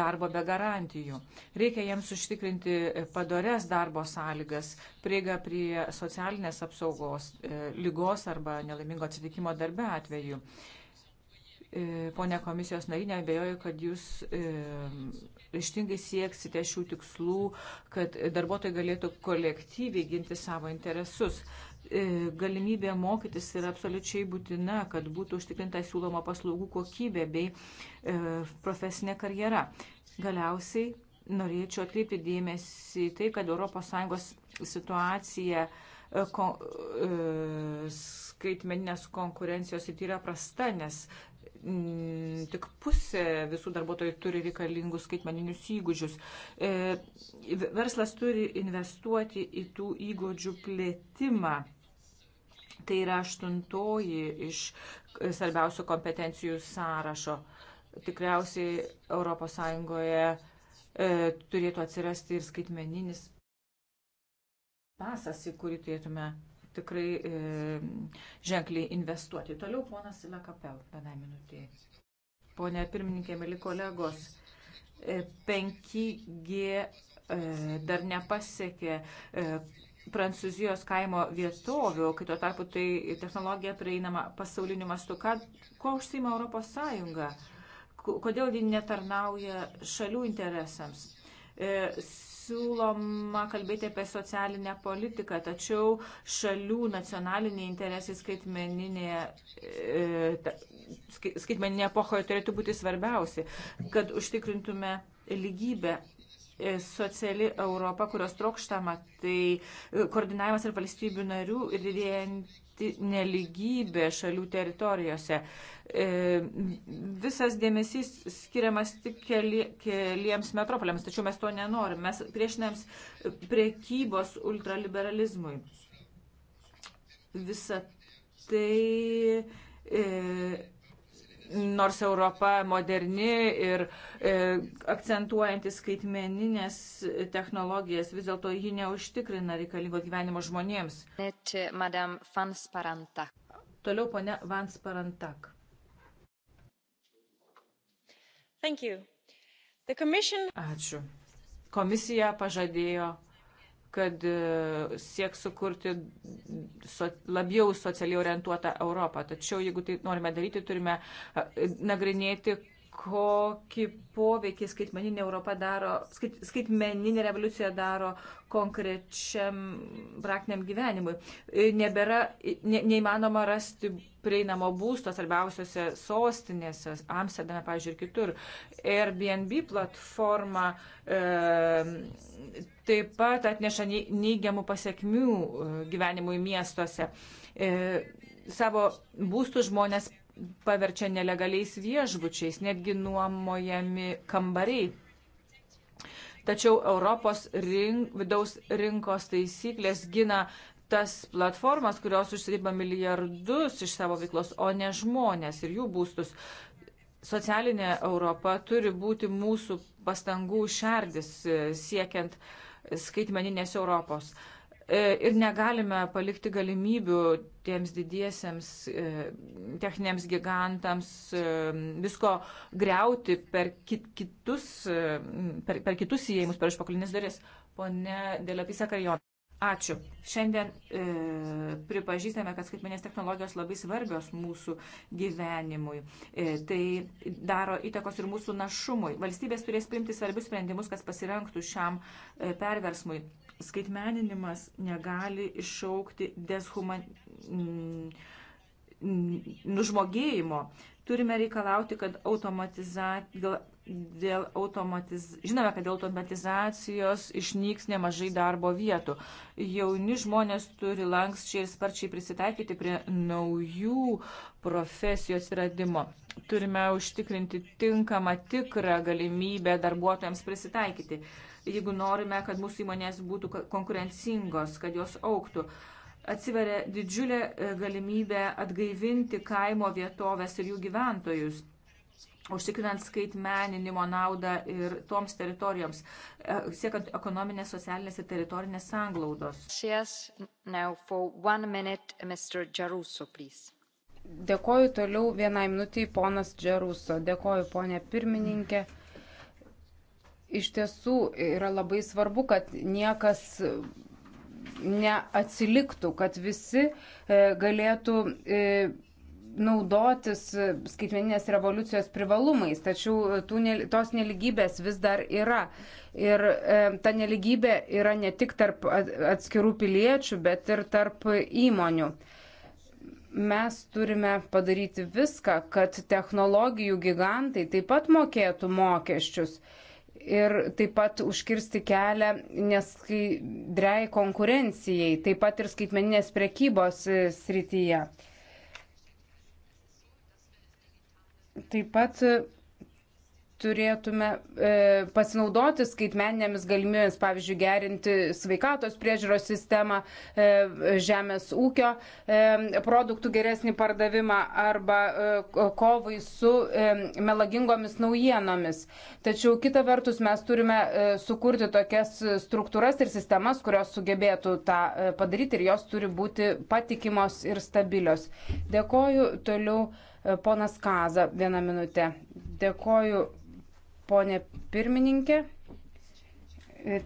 darbo be garantijų. Reikia jiems užtikrinti padores darbo sąlygas, prieiga prie socialinės apsaugos, e, lygos arba nelaimingo atsitikimo darbe atveju. E, Pone komisijos nariai, nebejoju, kad jūs e, ryštingai sieksite šių tikslų, kad darbuotojai galėtų kolektyviai ginti savo interesus. E, galimybė mokytis yra absoliučiai būtina, kad būtų užtikrinta siūloma paslaugų kokybė bei profesinė karjera. Galiausiai norėčiau atkreipti dėmesį į tai, kad ES situacija ko, e, skaitmeninės konkurencijos ir tai yra prasta, nes m, mm, tik pusė visų darbuotojų turi reikalingus skaitmeninius įgūdžius. E, verslas turi investuoti į tų įgūdžių plėtimą. Tai yra aštuntoji iš svarbiausių kompetencijų sąrašo. Tikriausiai ES e, turėtų atsirasti ir skaitmeninis pasas, į kurį turėtume tikrai e, ženkliai investuoti. Toliau ponas Sila Kapel, vienai minutė. Pone pirmininkė, mėly kolegos, 5G e, e, dar nepasiekė e, Prancūzijos kaimo vietovių, kai tuo tarpu tai technologija prieinama pasauliniu mastu. Ką, kuo užsima Europos Sąjunga? Kodėl ji netarnauja šalių interesams? E, siūloma kalbėti apie socialinę politiką, tačiau šalių nacionaliniai interesai skaitmeninėje, e, skaitmeninėje epochoje turėtų būti svarbiausi, kad užtikrintume lygybę. E, sociali Europa, kurios trokštama, tai e, koordinavimas ir valstybių narių ir didėjant neligybė šalių teritorijose. E, visas dėmesys skiriamas tik keli, keliems metropoliams, tačiau mes to nenorim. Mes priešinėms priekybos ultraliberalizmui. Visa tai. E, nors Europa moderni ir e, akcentuojanti skaitmeninės technologijas, vis dėlto ji neužtikrina reikalingo gyvenimo žmonėms. Net, madam Vansparantak. Toliau ponia Vansparantak. Commission... Ačiū. Komisija pažadėjo kad e, sieks sukurti so, labiau socialiai orientuotą Europą. Tačiau jeigu tai norime daryti, turime e, nagrinėti, kokį poveikį skaitmeninė Europa daro, skait, skaitmeninė revoliucija daro konkrečiam praktiniam gyvenimui. E, nebėra, e, ne, neįmanoma rasti prieinamo būsto svarbiausiose sostinėse, Amsterdame, pavyzdžiui, ir kitur. Airbnb platforma e, taip pat atneša neigiamų pasiekmių e, gyvenimui miestuose. E, savo būstų žmonės paverčia nelegaliais viešbučiais, netgi nuomojami kambariai. Tačiau Europos rink, vidaus rinkos taisyklės gina tas platformas, kurios užsidirba milijardus iš savo veiklos, o ne žmonės ir jų būstus. Socialinė Europa turi būti mūsų pastangų šerdis e, siekiant skaitmeninės Europos. E, ir negalime palikti galimybių tiems didiesiems e, techniniams gigantams e, visko greuti per kitus, per, per kitus įėjimus, per išpakalinės duris. Pone Dėlapisa Karjon. Ačiū. Šiandien e, pripažįstame, kad skaitmenės technologijos labai svarbios mūsų gyvenimui. E, tai daro įtakos ir mūsų našumui. Valstybės turės priimti svarbius sprendimus, kas pasirenktų šiam e, perversmui skaitmeninimas negali iššaukti deshuman... nužmogėjimo. Turime reikalauti, kad automatiza... dėl automatiz... žinome, kad dėl automatizacijos išnyks nemažai darbo vietų. Jauni žmonės turi lankščiai ir sparčiai prisitaikyti prie naujų profesijų atsiradimo. Turime užtikrinti tinkamą, tikrą galimybę darbuotojams prisitaikyti. Uh, jeigu norime, kad mūsų įmonės būtų konkurencingos, kad jos auktų. Atsiveria didžiulė e, galimybė atgaivinti kaimo vietovės ir jų gyventojus užtikrinant skaitmeninimo naudą ir toms teritorijoms, e, siekant ekonominės, socialinės ir teritorinės sanglaudos. Dėkoju toliau vienai minutiai ponas Džeruso. Dėkoju ponė pirmininkė. Mm iš tiesų yra labai svarbu, kad niekas neatsiliktų, kad visi e, galėtų e, naudotis e, skaitmeninės revoliucijos privalumais, tačiau tų, tos neligybės vis dar yra. Ir e, ta neligybė yra ne tik tarp atskirų piliečių, bet ir tarp įmonių. Mes turime padaryti viską, kad technologijų gigantai taip pat mokėtų mokesčius. E, ir taip pat užkirsti kelią neskaidriai konkurencijai, taip pat ir skaitmeninės prekybos e, srityje. Taip pat turėtume e, pasinaudoti skaitmeninėmis galimybėmis, pavyzdžiui, gerinti sveikatos priežiūros sistemą, e, žemės ūkio e, produktų geresnį pardavimą arba e, kovai su e, melagingomis naujienomis. Tačiau kita vertus mes turime e, sukurti tokias struktūras ir sistemas, kurios sugebėtų tą e, padaryti ir jos turi būti patikimos ir stabilios. Dėkoju toliau e, ponas Kaza vieną minutę. Dėkoju ponė pirmininkė.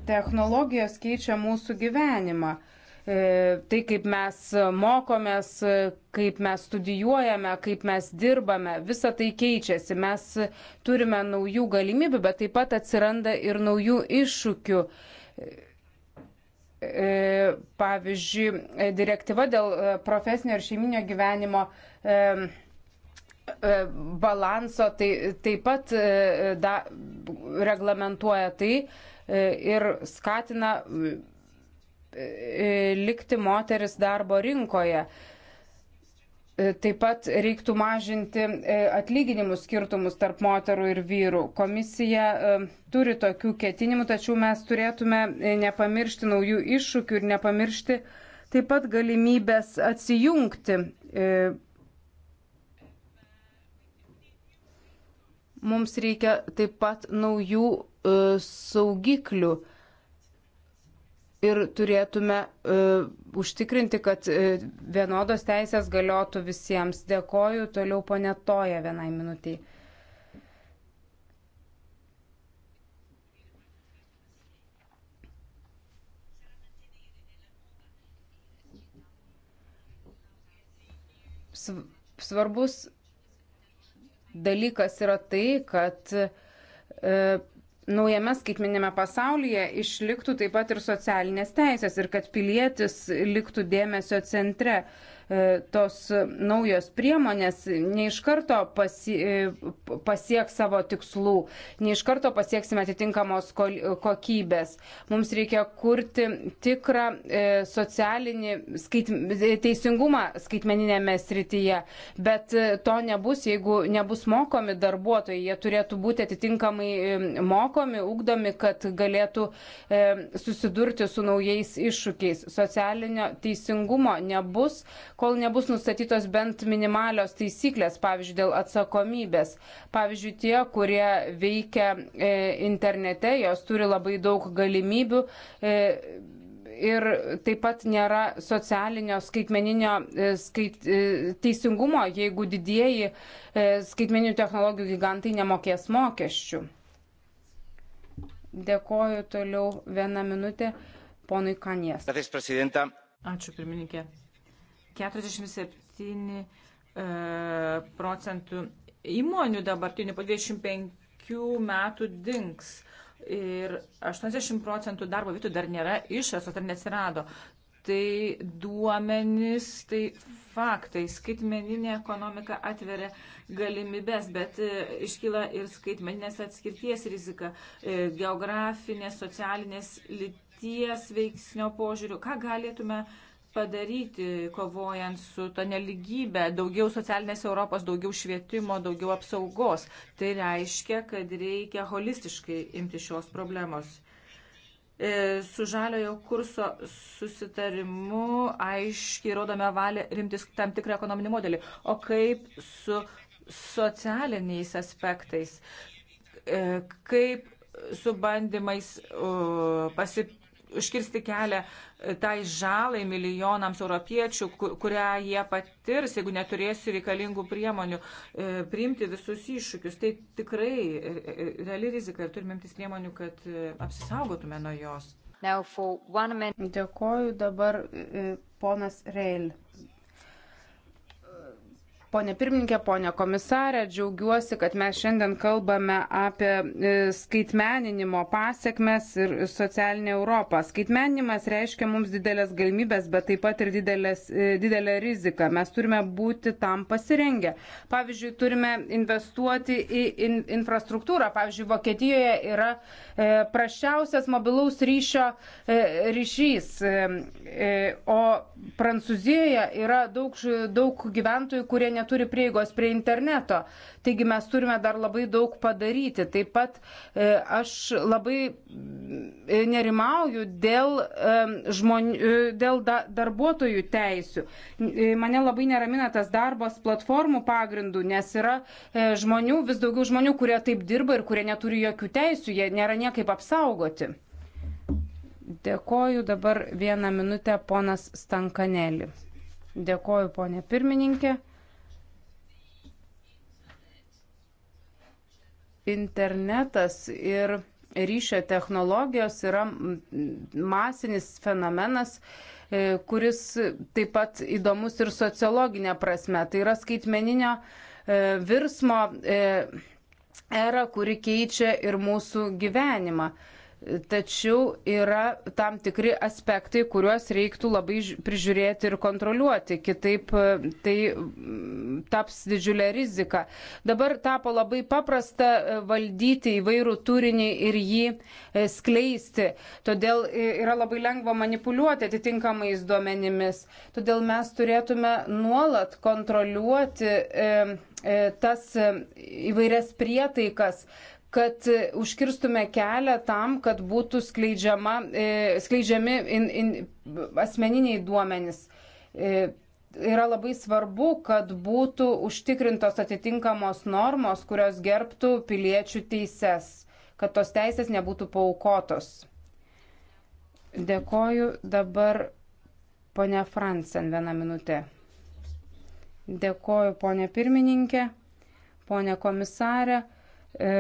Technologijos keičia mūsų gyvenimą. E, tai kaip mes mokomės, kaip mes studijuojame, kaip mes dirbame, visa tai keičiasi. Mes turime naujų galimybių, bet taip pat atsiranda ir naujų iššūkių e, pavyzdžiui, direktyva dėl profesinio ir šeiminio gyvenimo e, E, balanso tai, taip pat e, da, reglamentuoja tai e, ir skatina likti moteris darbo rinkoje. Taip pat reiktų mažinti atlyginimų skirtumus tarp moterų ir vyrų. Komisija turi tokių ketinimų, tačiau mes turėtume nepamiršti naujų iššūkių ir nepamiršti taip pat galimybės atsijungti Mums reikia taip pat naujų e, saugiklių ir turėtume e, užtikrinti, kad e, vienodos teisės galiotų visiems. Dėkoju, toliau ponetoja vienai minutiai. svarbus dalykas yra tai, kad e, naujame skaitminėme pasaulyje išliktų taip pat ir socialinės teisės ir kad pilietis liktų dėmesio centre. E, E, tos naujos priemonės ne iš karto pasi, e, pasieks savo tikslų, ne iš karto pasieksime atitinkamos kokybės. Mums reikia kurti tikrą e, socialinį skait, teisingumą skaitmeninėme srityje, bet to nebus, jeigu nebus mokomi darbuotojai, jie turėtų būti atitinkamai mokomi, ugdomi, kad galėtų e, susidurti su naujais iššūkiais. Socialinio teisingumo nebus, kol nebus nustatytos bent minimalios taisyklės, pavyzdžiui, dėl atsakomybės. Pavyzdžiui, tie, kurie veikia e, internete, jos turi labai daug galimybių. E, ir taip pat nėra socialinio skaitmeninio e, skait, e, teisingumo, jeigu didieji e, skaitmeninių technologijų gigantai nemokės mokesčių. Dėkoju toliau vieną minutę ponui Kanies. Ačiū, pirmininkė. 47 e, procentų įmonių dabartinių po 25 metų dinks. Ir 80 procentų darbo vietų dar nėra išrastos, dar nesirado. Tai duomenys, tai faktai, skaitmeninė ekonomika atveria galimybės, bet e, iškyla ir skaitmeninės atskirties rizika, e, geografinės, socialinės, lyties veiksnio požiūrių. Ką galėtume uh, padaryti, kovojant su to neligybė, daugiau socialinės Europos, daugiau švietimo, daugiau apsaugos. Tai reiškia, kad reikia holistiškai imti šios problemos. E, su žaliojo kurso susitarimu aiškiai rodome valią rimtis tam tikrą ekonominį modelį. O kaip su socialiniais aspektais? E, kaip su bandymais uh, pasip, užkirsti kelią e, tai žalai milijonams europiečių, kurią jie patirs, jeigu neturėsiu reikalingų priemonių e, priimti visus iššūkius. Tai tikrai e, reali rizika ir turime imtis priemonių, kad apsisaugotume nuo jos. Dėkoju dabar ponas Reil. Pone pirmininkė, pone komisarė, džiaugiuosi, kad mes šiandien kalbame apie e, skaitmeninimo pasiekmes ir socialinę Europą. Skaitmeninimas reiškia mums didelės galimybės, bet taip pat ir didelės, e, didelę riziką. Mes turime būti tam pasirengę. Pavyzdžiui, turime investuoti į in, infrastruktūrą. Pavyzdžiui, Vokietijoje yra e, prašiausias mobilaus ryšio e, ryšys, e, e o Prancūzijoje yra daug, daug gyventojų, kurie neturi prieigos prie interneto. Taigi mes turime dar labai daug padaryti. Taip pat e, aš labai e, nerimauju dėl, e, žmonių, dėl da, darbuotojų teisių. Mane labai neramina tas darbas platformų pagrindų, nes yra žmonių, vis daugiau žmonių, kurie taip dirba ir kurie neturi jokių teisių, jie nėra niekaip apsaugoti. Dėkoju dabar vieną minutę ponas Stankanelį. Dėkoju ponė pirmininkė. internetas ir ryšio technologijos yra masinis fenomenas, e, kuris taip pat įdomus ir sociologinė prasme. Tai yra skaitmeninio e, virsmo e, era, kuri keičia ir mūsų gyvenimą tačiau yra tam tikri aspektai, kuriuos reiktų labai prižiūrėti ir kontroliuoti, kitaip e, tai mm, taps didžiulė rizika. Dabar tapo labai paprasta e, valdyti įvairų turinį ir jį e, skleisti, todėl yra labai lengva manipuliuoti atitinkamais duomenimis, todėl mes turėtume nuolat kontroliuoti tas įvairias prietaikas, kad e, užkirstume kelią tam, kad būtų skleidžiama, e, skleidžiami in, in, asmeniniai duomenys. E, yra labai svarbu, kad būtų užtikrintos atitinkamos normos, kurios gerbtų piliečių teises, kad tos teisės nebūtų paukotos. Dėkoju dabar ponia Fransen vieną minutę. Dėkoju ponia pirmininkė, ponia komisarė. E,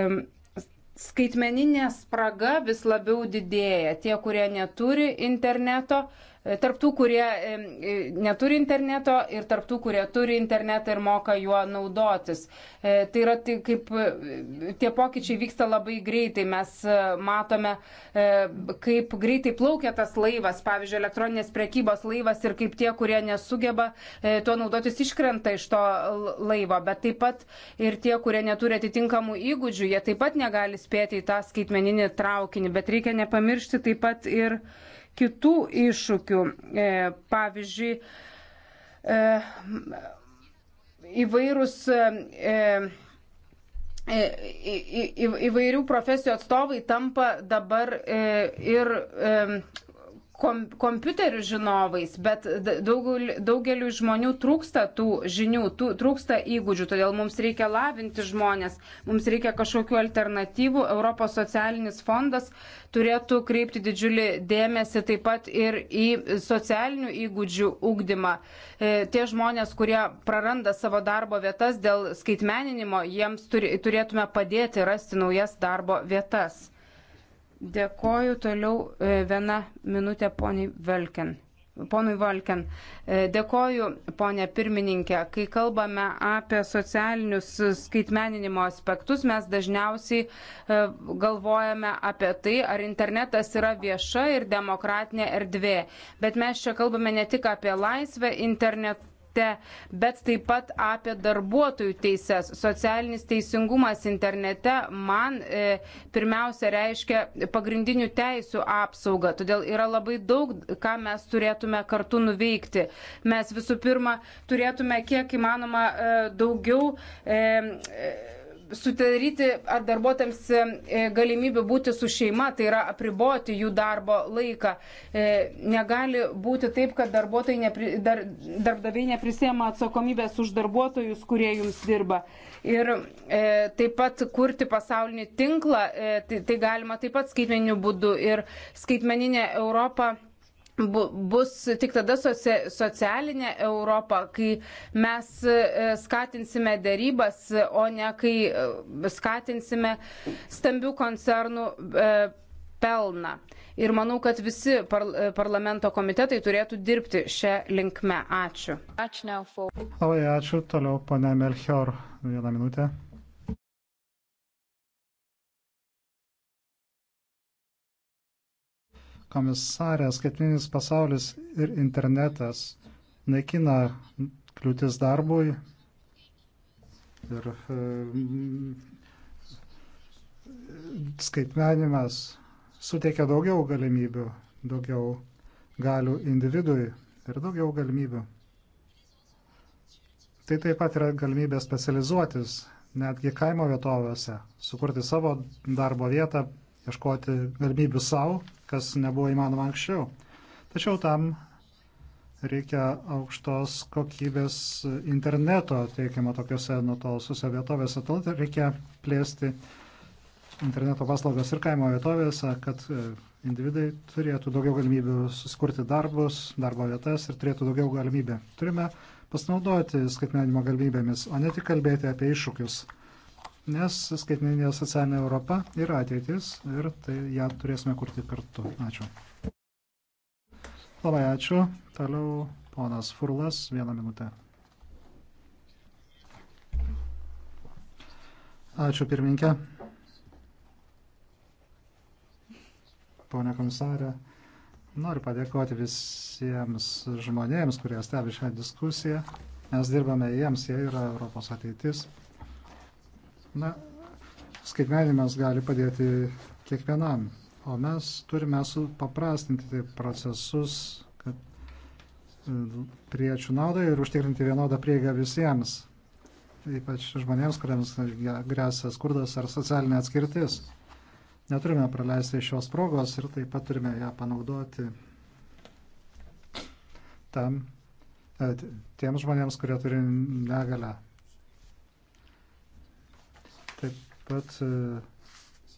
skaitmeninė spraga vis labiau didėja. Tie, kurie neturi interneto, E, tarptų, kurie e, e, neturi interneto ir tarptų, kurie turi internetą ir moka juo naudotis. Tai yra tai kaip tie pokyčiai vyksta labai greitai. Mes matome, kaip greitai plaukia tas laivas, pavyzdžiui, elektroninės prekybos laivas ir kaip tie, kurie nesugeba tuo naudotis, iškrenta iš to laivo. Bet taip pat ir tie, kurie neturi atitinkamų įgūdžių, jie taip pat negali spėti į tą skaitmeninį traukinį. Bet reikia nepamiršti taip pat ir uh, kitų iššūkių. E, pavyzdžiui, e, įvairūs e, įvairių profesijų atstovai tampa dabar ir kom, kompiuterių žinovais, bet daugel, daugeliu žmonių trūksta tų žinių, tų, trūksta įgūdžių, todėl mums reikia lavinti žmonės, mums reikia kažkokių alternatyvų. Europos socialinis fondas turėtų kreipti didžiulį dėmesį taip pat ir į socialinių įgūdžių ugdymą. E, tie žmonės, kurie praranda savo darbo vietas dėl skaitmeninimo, jiems turi, turėtume padėti rasti naujas darbo vietas. Dėkoju toliau e, vieną minutę poniai Velken. Ponui Valken, e, dėkoju, ponė pirmininkė. Kai kalbame apie socialinius skaitmeninimo aspektus, mes dažniausiai e, galvojame apie tai, ar internetas yra vieša ir demokratinė erdvė. Bet mes čia kalbame ne tik apie laisvę internetu internete, bet taip pat apie darbuotojų teises. Socialinis teisingumas internete man e, pirmiausia reiškia pagrindinių teisų apsaugą. Todėl yra labai daug, ką mes turėtume kartu nuveikti. Mes visų pirma turėtume kiek įmanoma e, daugiau. E, e, sudaryti ar darbuotojams e, galimybių būti su šeima, tai yra apriboti jų darbo laiką. E, negali būti taip, kad nepri, dar, darbdaviai neprisėma atsakomybės už darbuotojus, kurie jums dirba. Ir e, taip pat kurti pasaulinį tinklą, e, tai, tai galima taip pat skaitmeniniu būdu ir skaitmeninė Europa bu, bus tik tada socia, socialinė Europa, kai mes e, skatinsime dėrybas, o ne kai e, skatinsime stambių koncernų e, pelną. Ir manau, kad visi par, e, parlamento komitetai turėtų dirbti šią linkmę. Ačiū. Ačiū. Labai ačiū. Toliau, pane Melchior, vieną minutę. komisarė, skaitmeninis pasaulis ir internetas naikina kliūtis darbui ir e, skaitmenimas suteikia daugiau galimybių, daugiau galių individui ir daugiau galimybių. Tai taip pat yra galimybė specializuotis netgi kaimo vietovėse, sukurti savo darbo vietą, ieškoti galimybių savo kas nebuvo įmanoma anksčiau. Tačiau tam reikia aukštos kokybės interneto teikimo tokiuose nutolusiuose vietovėse. Tad reikia plėsti interneto paslaugas ir kaimo vietovėse, kad e, individai turėtų daugiau galimybių susikurti darbus, darbo vietas ir turėtų daugiau galimybę. Turime pasinaudoti skaitmenimo galimybėmis, o ne tik kalbėti apie iššūkius nes skaitmeninė socialinė Europa yra ateitis ir tai ją turėsime kurti kartu. Ačiū. Labai ačiū. Toliau ponas Furlas, vieną minutę. Ačiū pirminkė. Pone komisarė, noriu padėkoti visiems žmonėms, kurie stebi šią diskusiją. Mes dirbame jiems, jie yra Europos ateitis. Na, skaitmeninimas gali padėti kiekvienam, o mes turime supaprastinti tai procesus, kad e, priečių naudai ir užtikrinti vienodą prieigą visiems, ypač žmonėms, kuriems grėsia skurdas ar socialinė atskirtis. Neturime praleisti šios progos ir taip pat turime ją panaudoti tam, e, tiems žmonėms, kurie turi negalę. Taip pat e,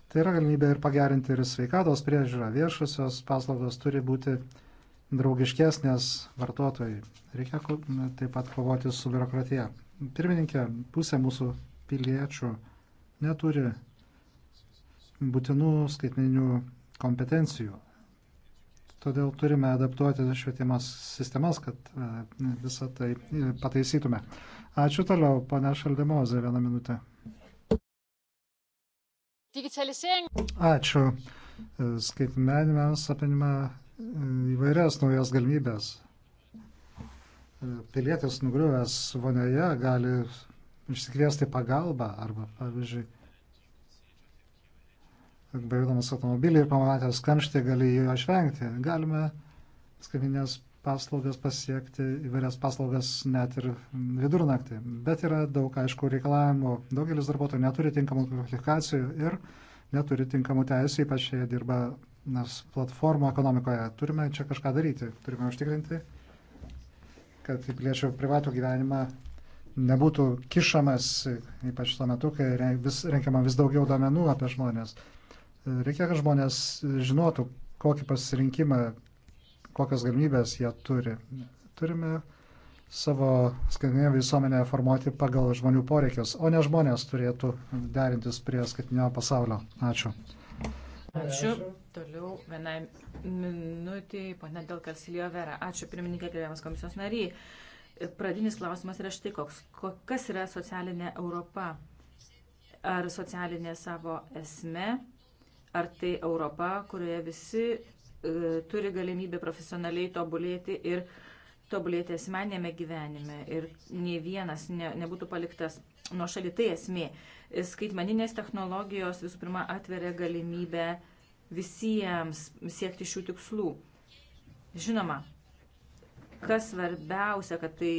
tai yra galimybė ir pagerinti ir sveikatos priežiūrą. Viešosios paslaugos turi būti draugiškesnės vartotojai. Reikia taip pat kovoti su biurokratija. Pirmininkė, pusė mūsų piliečių neturi būtinų skaitmeninių kompetencijų. Todėl turime adaptuoti švietimas sistemas, kad e, visą tai e, pataisytume. Ačiū toliau, pane Šaldemozė, vieną minutę. Ačiū. Skaitmeninimas apima e, įvairias naujas galimybės. E, pilietis nugriuvęs vonioje gali išsikviesti pagalbą arba, pavyzdžiui, beveikdamas automobilį ir pamatęs kamštį gali jo išvengti. Galime skaitminės paslaugas pasiekti, įvairias paslaugas net ir vidurnaktį. Bet yra daug, aišku, reikalavimų. Daugelis darbuotojų neturi tinkamų kvalifikacijų ir neturi tinkamų teisų, ypač jie dirba nes platformų ekonomikoje. Turime čia kažką daryti. Turime užtikrinti, kad į piliečių privatų gyvenimą nebūtų kišamas, ypač tuo metu, kai vis, renkiama vis daugiau domenų apie žmonės. Reikia, kad žmonės žinotų, kokį pasirinkimą kokias galimybės jie turi. Turime savo skaitinę visuomenę formuoti pagal žmonių poreikius, o ne žmonės turėtų derintis prie skaitinio pasaulio. Ačiū. Ačiū. Toliau vienai minutiai, pana Delkasilio Vera. Ačiū pirmininkė, gerbiamas komisijos nariai. Pradinis klausimas yra štai koks. Kas yra socialinė Europa? Ar socialinė savo esme? Ar tai Europa, kurioje visi E, turi galimybę profesionaliai tobulėti ir tobulėti asmenėme gyvenime ir nei vienas ne, nebūtų paliktas nuo šalia. Tai esmė. Skaitmeninės technologijos visų pirma atveria galimybę visiems siekti šių tikslų. Žinoma, kas svarbiausia, kad tai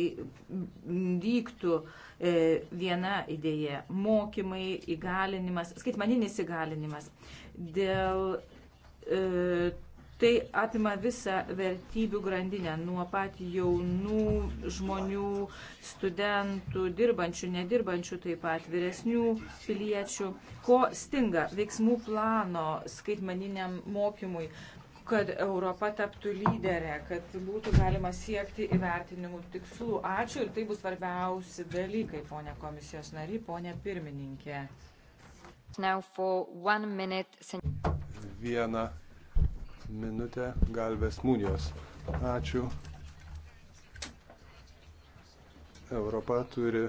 vyktų e, viena idėja - mokymai, įgalinimas, skaitmaninis įgalinimas. Dėl e, Tai apima visą vertybių grandinę nuo pat jaunų žmonių, studentų, dirbančių, nedirbančių, taip pat vyresnių piliečių. Ko stinga veiksmų plano skaitmaniniam mokymui, kad Europa taptų lyderė, kad būtų galima siekti įvertinimų tikslų. Ačiū ir tai bus svarbiausi dalykai, ponė komisijos nary, ponė pirmininkė. Vieną minutę Galvės Mūnijos. Ačiū. Europa turi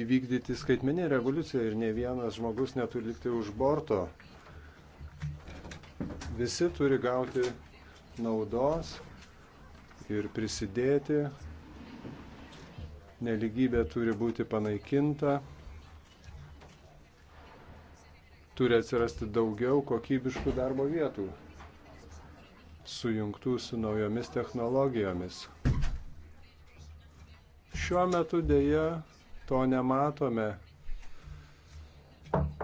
įvykdyti skaitmenį revoliuciją ir ne vienas žmogus neturi likti už borto. Visi turi gauti naudos ir prisidėti. Neligybė turi būti panaikinta. Turi atsirasti daugiau kokybiškų darbo vietų, sujungtų su naujomis technologijomis. Šiuo metu dėja to nematome.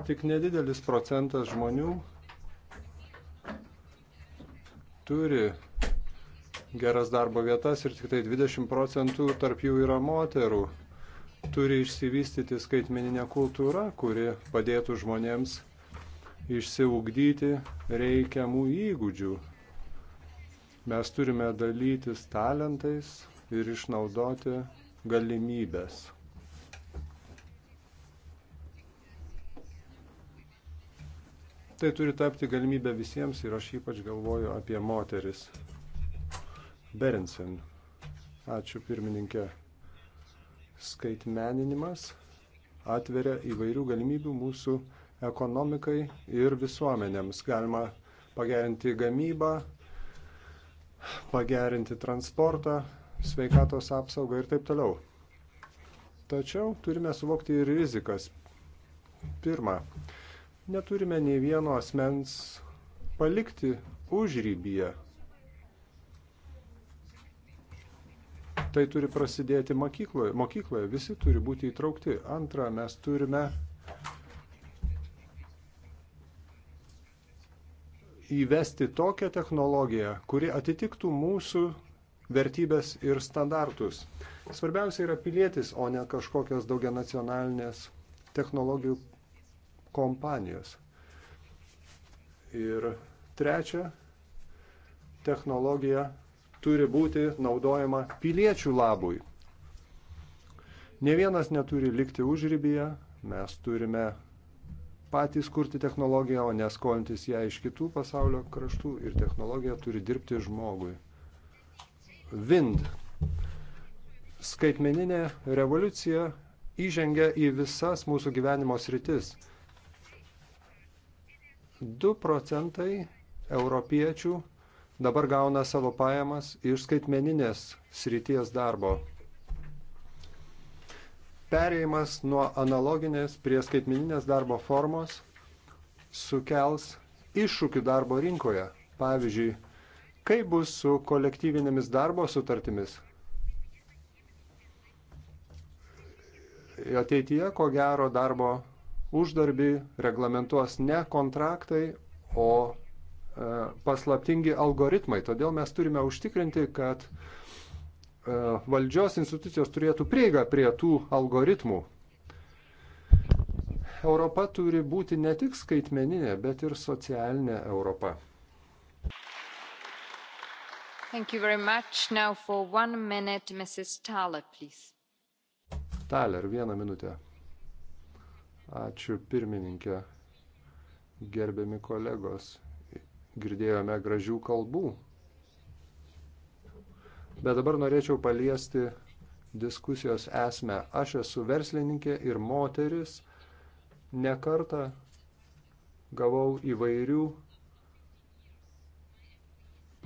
Tik nedidelis procentas žmonių turi geras darbo vietas ir tik tai 20 procentų tarp jų yra moterų. Turi išsivystyti skaitmeninę kultūrą, kuri padėtų žmonėms išsiugdyti reikiamų įgūdžių. Mes turime dalytis talentais ir išnaudoti galimybės. Tai turi tapti galimybę visiems ir aš ypač galvoju apie moteris. Berinsen. Ačiū pirmininkė. Skaitmeninimas atveria įvairių galimybių mūsų ekonomikai ir visuomenėms. Galima pagerinti gamybą, pagerinti transportą, sveikatos apsaugą ir taip toliau. Tačiau turime suvokti ir rizikas. Pirma, neturime nei vieno asmens palikti užrybyje. Tai turi prasidėti mokykloje. mokykloje. Visi turi būti įtraukti. Antra, mes turime įvesti tokią technologiją, kuri atitiktų mūsų vertybės ir standartus. Svarbiausia yra pilietis, o ne kažkokios daugia nacionalinės technologijų kompanijos. Ir trečia, technologija turi būti naudojama piliečių labui. Ne vienas neturi likti užrybyje, mes turime patys kurti technologiją, o neskolintis ją iš kitų pasaulio kraštų ir technologija turi dirbti žmogui. Vind. Skaitmeninė revoliucija įžengia į visas mūsų gyvenimo sritis. 2 procentai europiečių dabar gauna savo pajamas iš skaitmeninės srities darbo. Perėjimas nuo analoginės prie skaitmininės darbo formos sukels iššūkių darbo rinkoje. Pavyzdžiui, kaip bus su kolektyvinėmis darbo sutartimis? Ateityje, ko gero, darbo uždarbį reglamentuos ne kontraktai, o e, paslaptingi algoritmai. Todėl mes turime užtikrinti, kad uh, E, valdžios institucijos turėtų prieigą prie tų algoritmų. Europa turi būti ne tik skaitmeninė, bet ir socialinė Europa. Minute, Thaler, Thaler, vieną minutę. Ačiū pirmininkė, gerbiami kolegos. Girdėjome gražių kalbų Bet dabar norėčiau paliesti diskusijos esmę. Aš esu verslininkė ir moteris. Nekartą gavau įvairių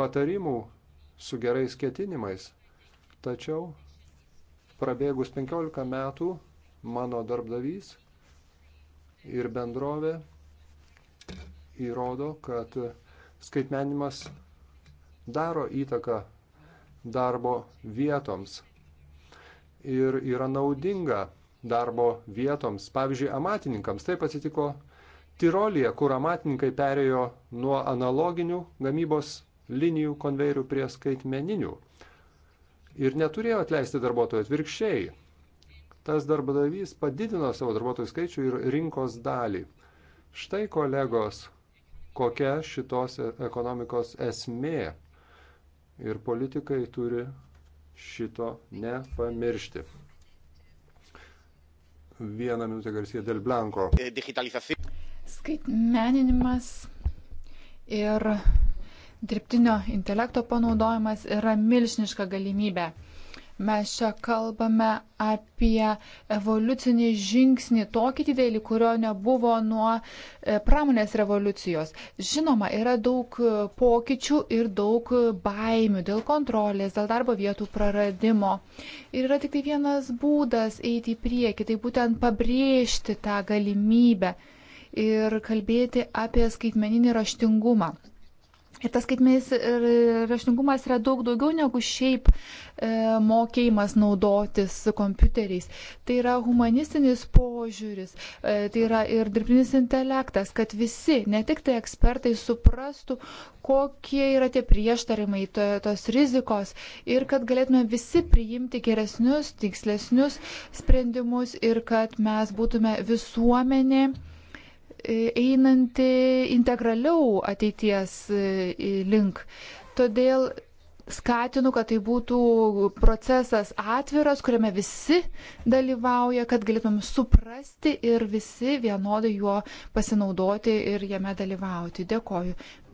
patarimų su gerais ketinimais. Tačiau prabėgus 15 metų mano darbdavys ir bendrovė įrodo, kad skaitmenimas daro įtaką darbo vietoms ir yra naudinga darbo vietoms, pavyzdžiui, amatininkams. Taip atsitiko Tirolija, kur amatininkai perėjo nuo analoginių gamybos linijų konvejerių prie skaitmeninių ir neturėjo atleisti darbuotojų atvirkščiai. Tas darbdavys padidino savo darbuotojų skaičių ir rinkos dalį. Štai kolegos, kokia šitos ekonomikos esmė. Ir politikai turi šito nepamiršti. Vieną minutę Garcia del Blanco. Skaitmeninimas ir dirbtinio intelekto panaudojimas yra milžiniška galimybė. Mes čia kalbame apie evoliucinį žingsnį, tokį didelį, kurio nebuvo nuo e, pramonės revoliucijos. Žinoma, yra daug e, pokyčių ir daug baimių dėl kontrolės, dėl darbo vietų praradimo. Ir yra tik tai vienas būdas eiti į priekį, tai būtent pabrėžti tą galimybę ir kalbėti apie skaitmeninį raštingumą. Ir tas skaitmės raštingumas yra daug daugiau negu šiaip e, mokėjimas naudotis kompiuteriais. Tai yra humanistinis požiūris, e, tai yra ir dirbtinis intelektas, kad visi, ne tik tai ekspertai, suprastų, kokie yra tie prieštarimai, to, tos rizikos ir kad galėtume visi priimti geresnius, tikslesnius sprendimus ir kad mes būtume visuomenė. E, einanti integraliau ateities e, link. Todėl skatinu, kad tai būtų procesas atviras, kuriame visi dalyvauja, kad galėtumėm suprasti ir visi vienodai juo pasinaudoti ir jame dalyvauti. Dėkoju.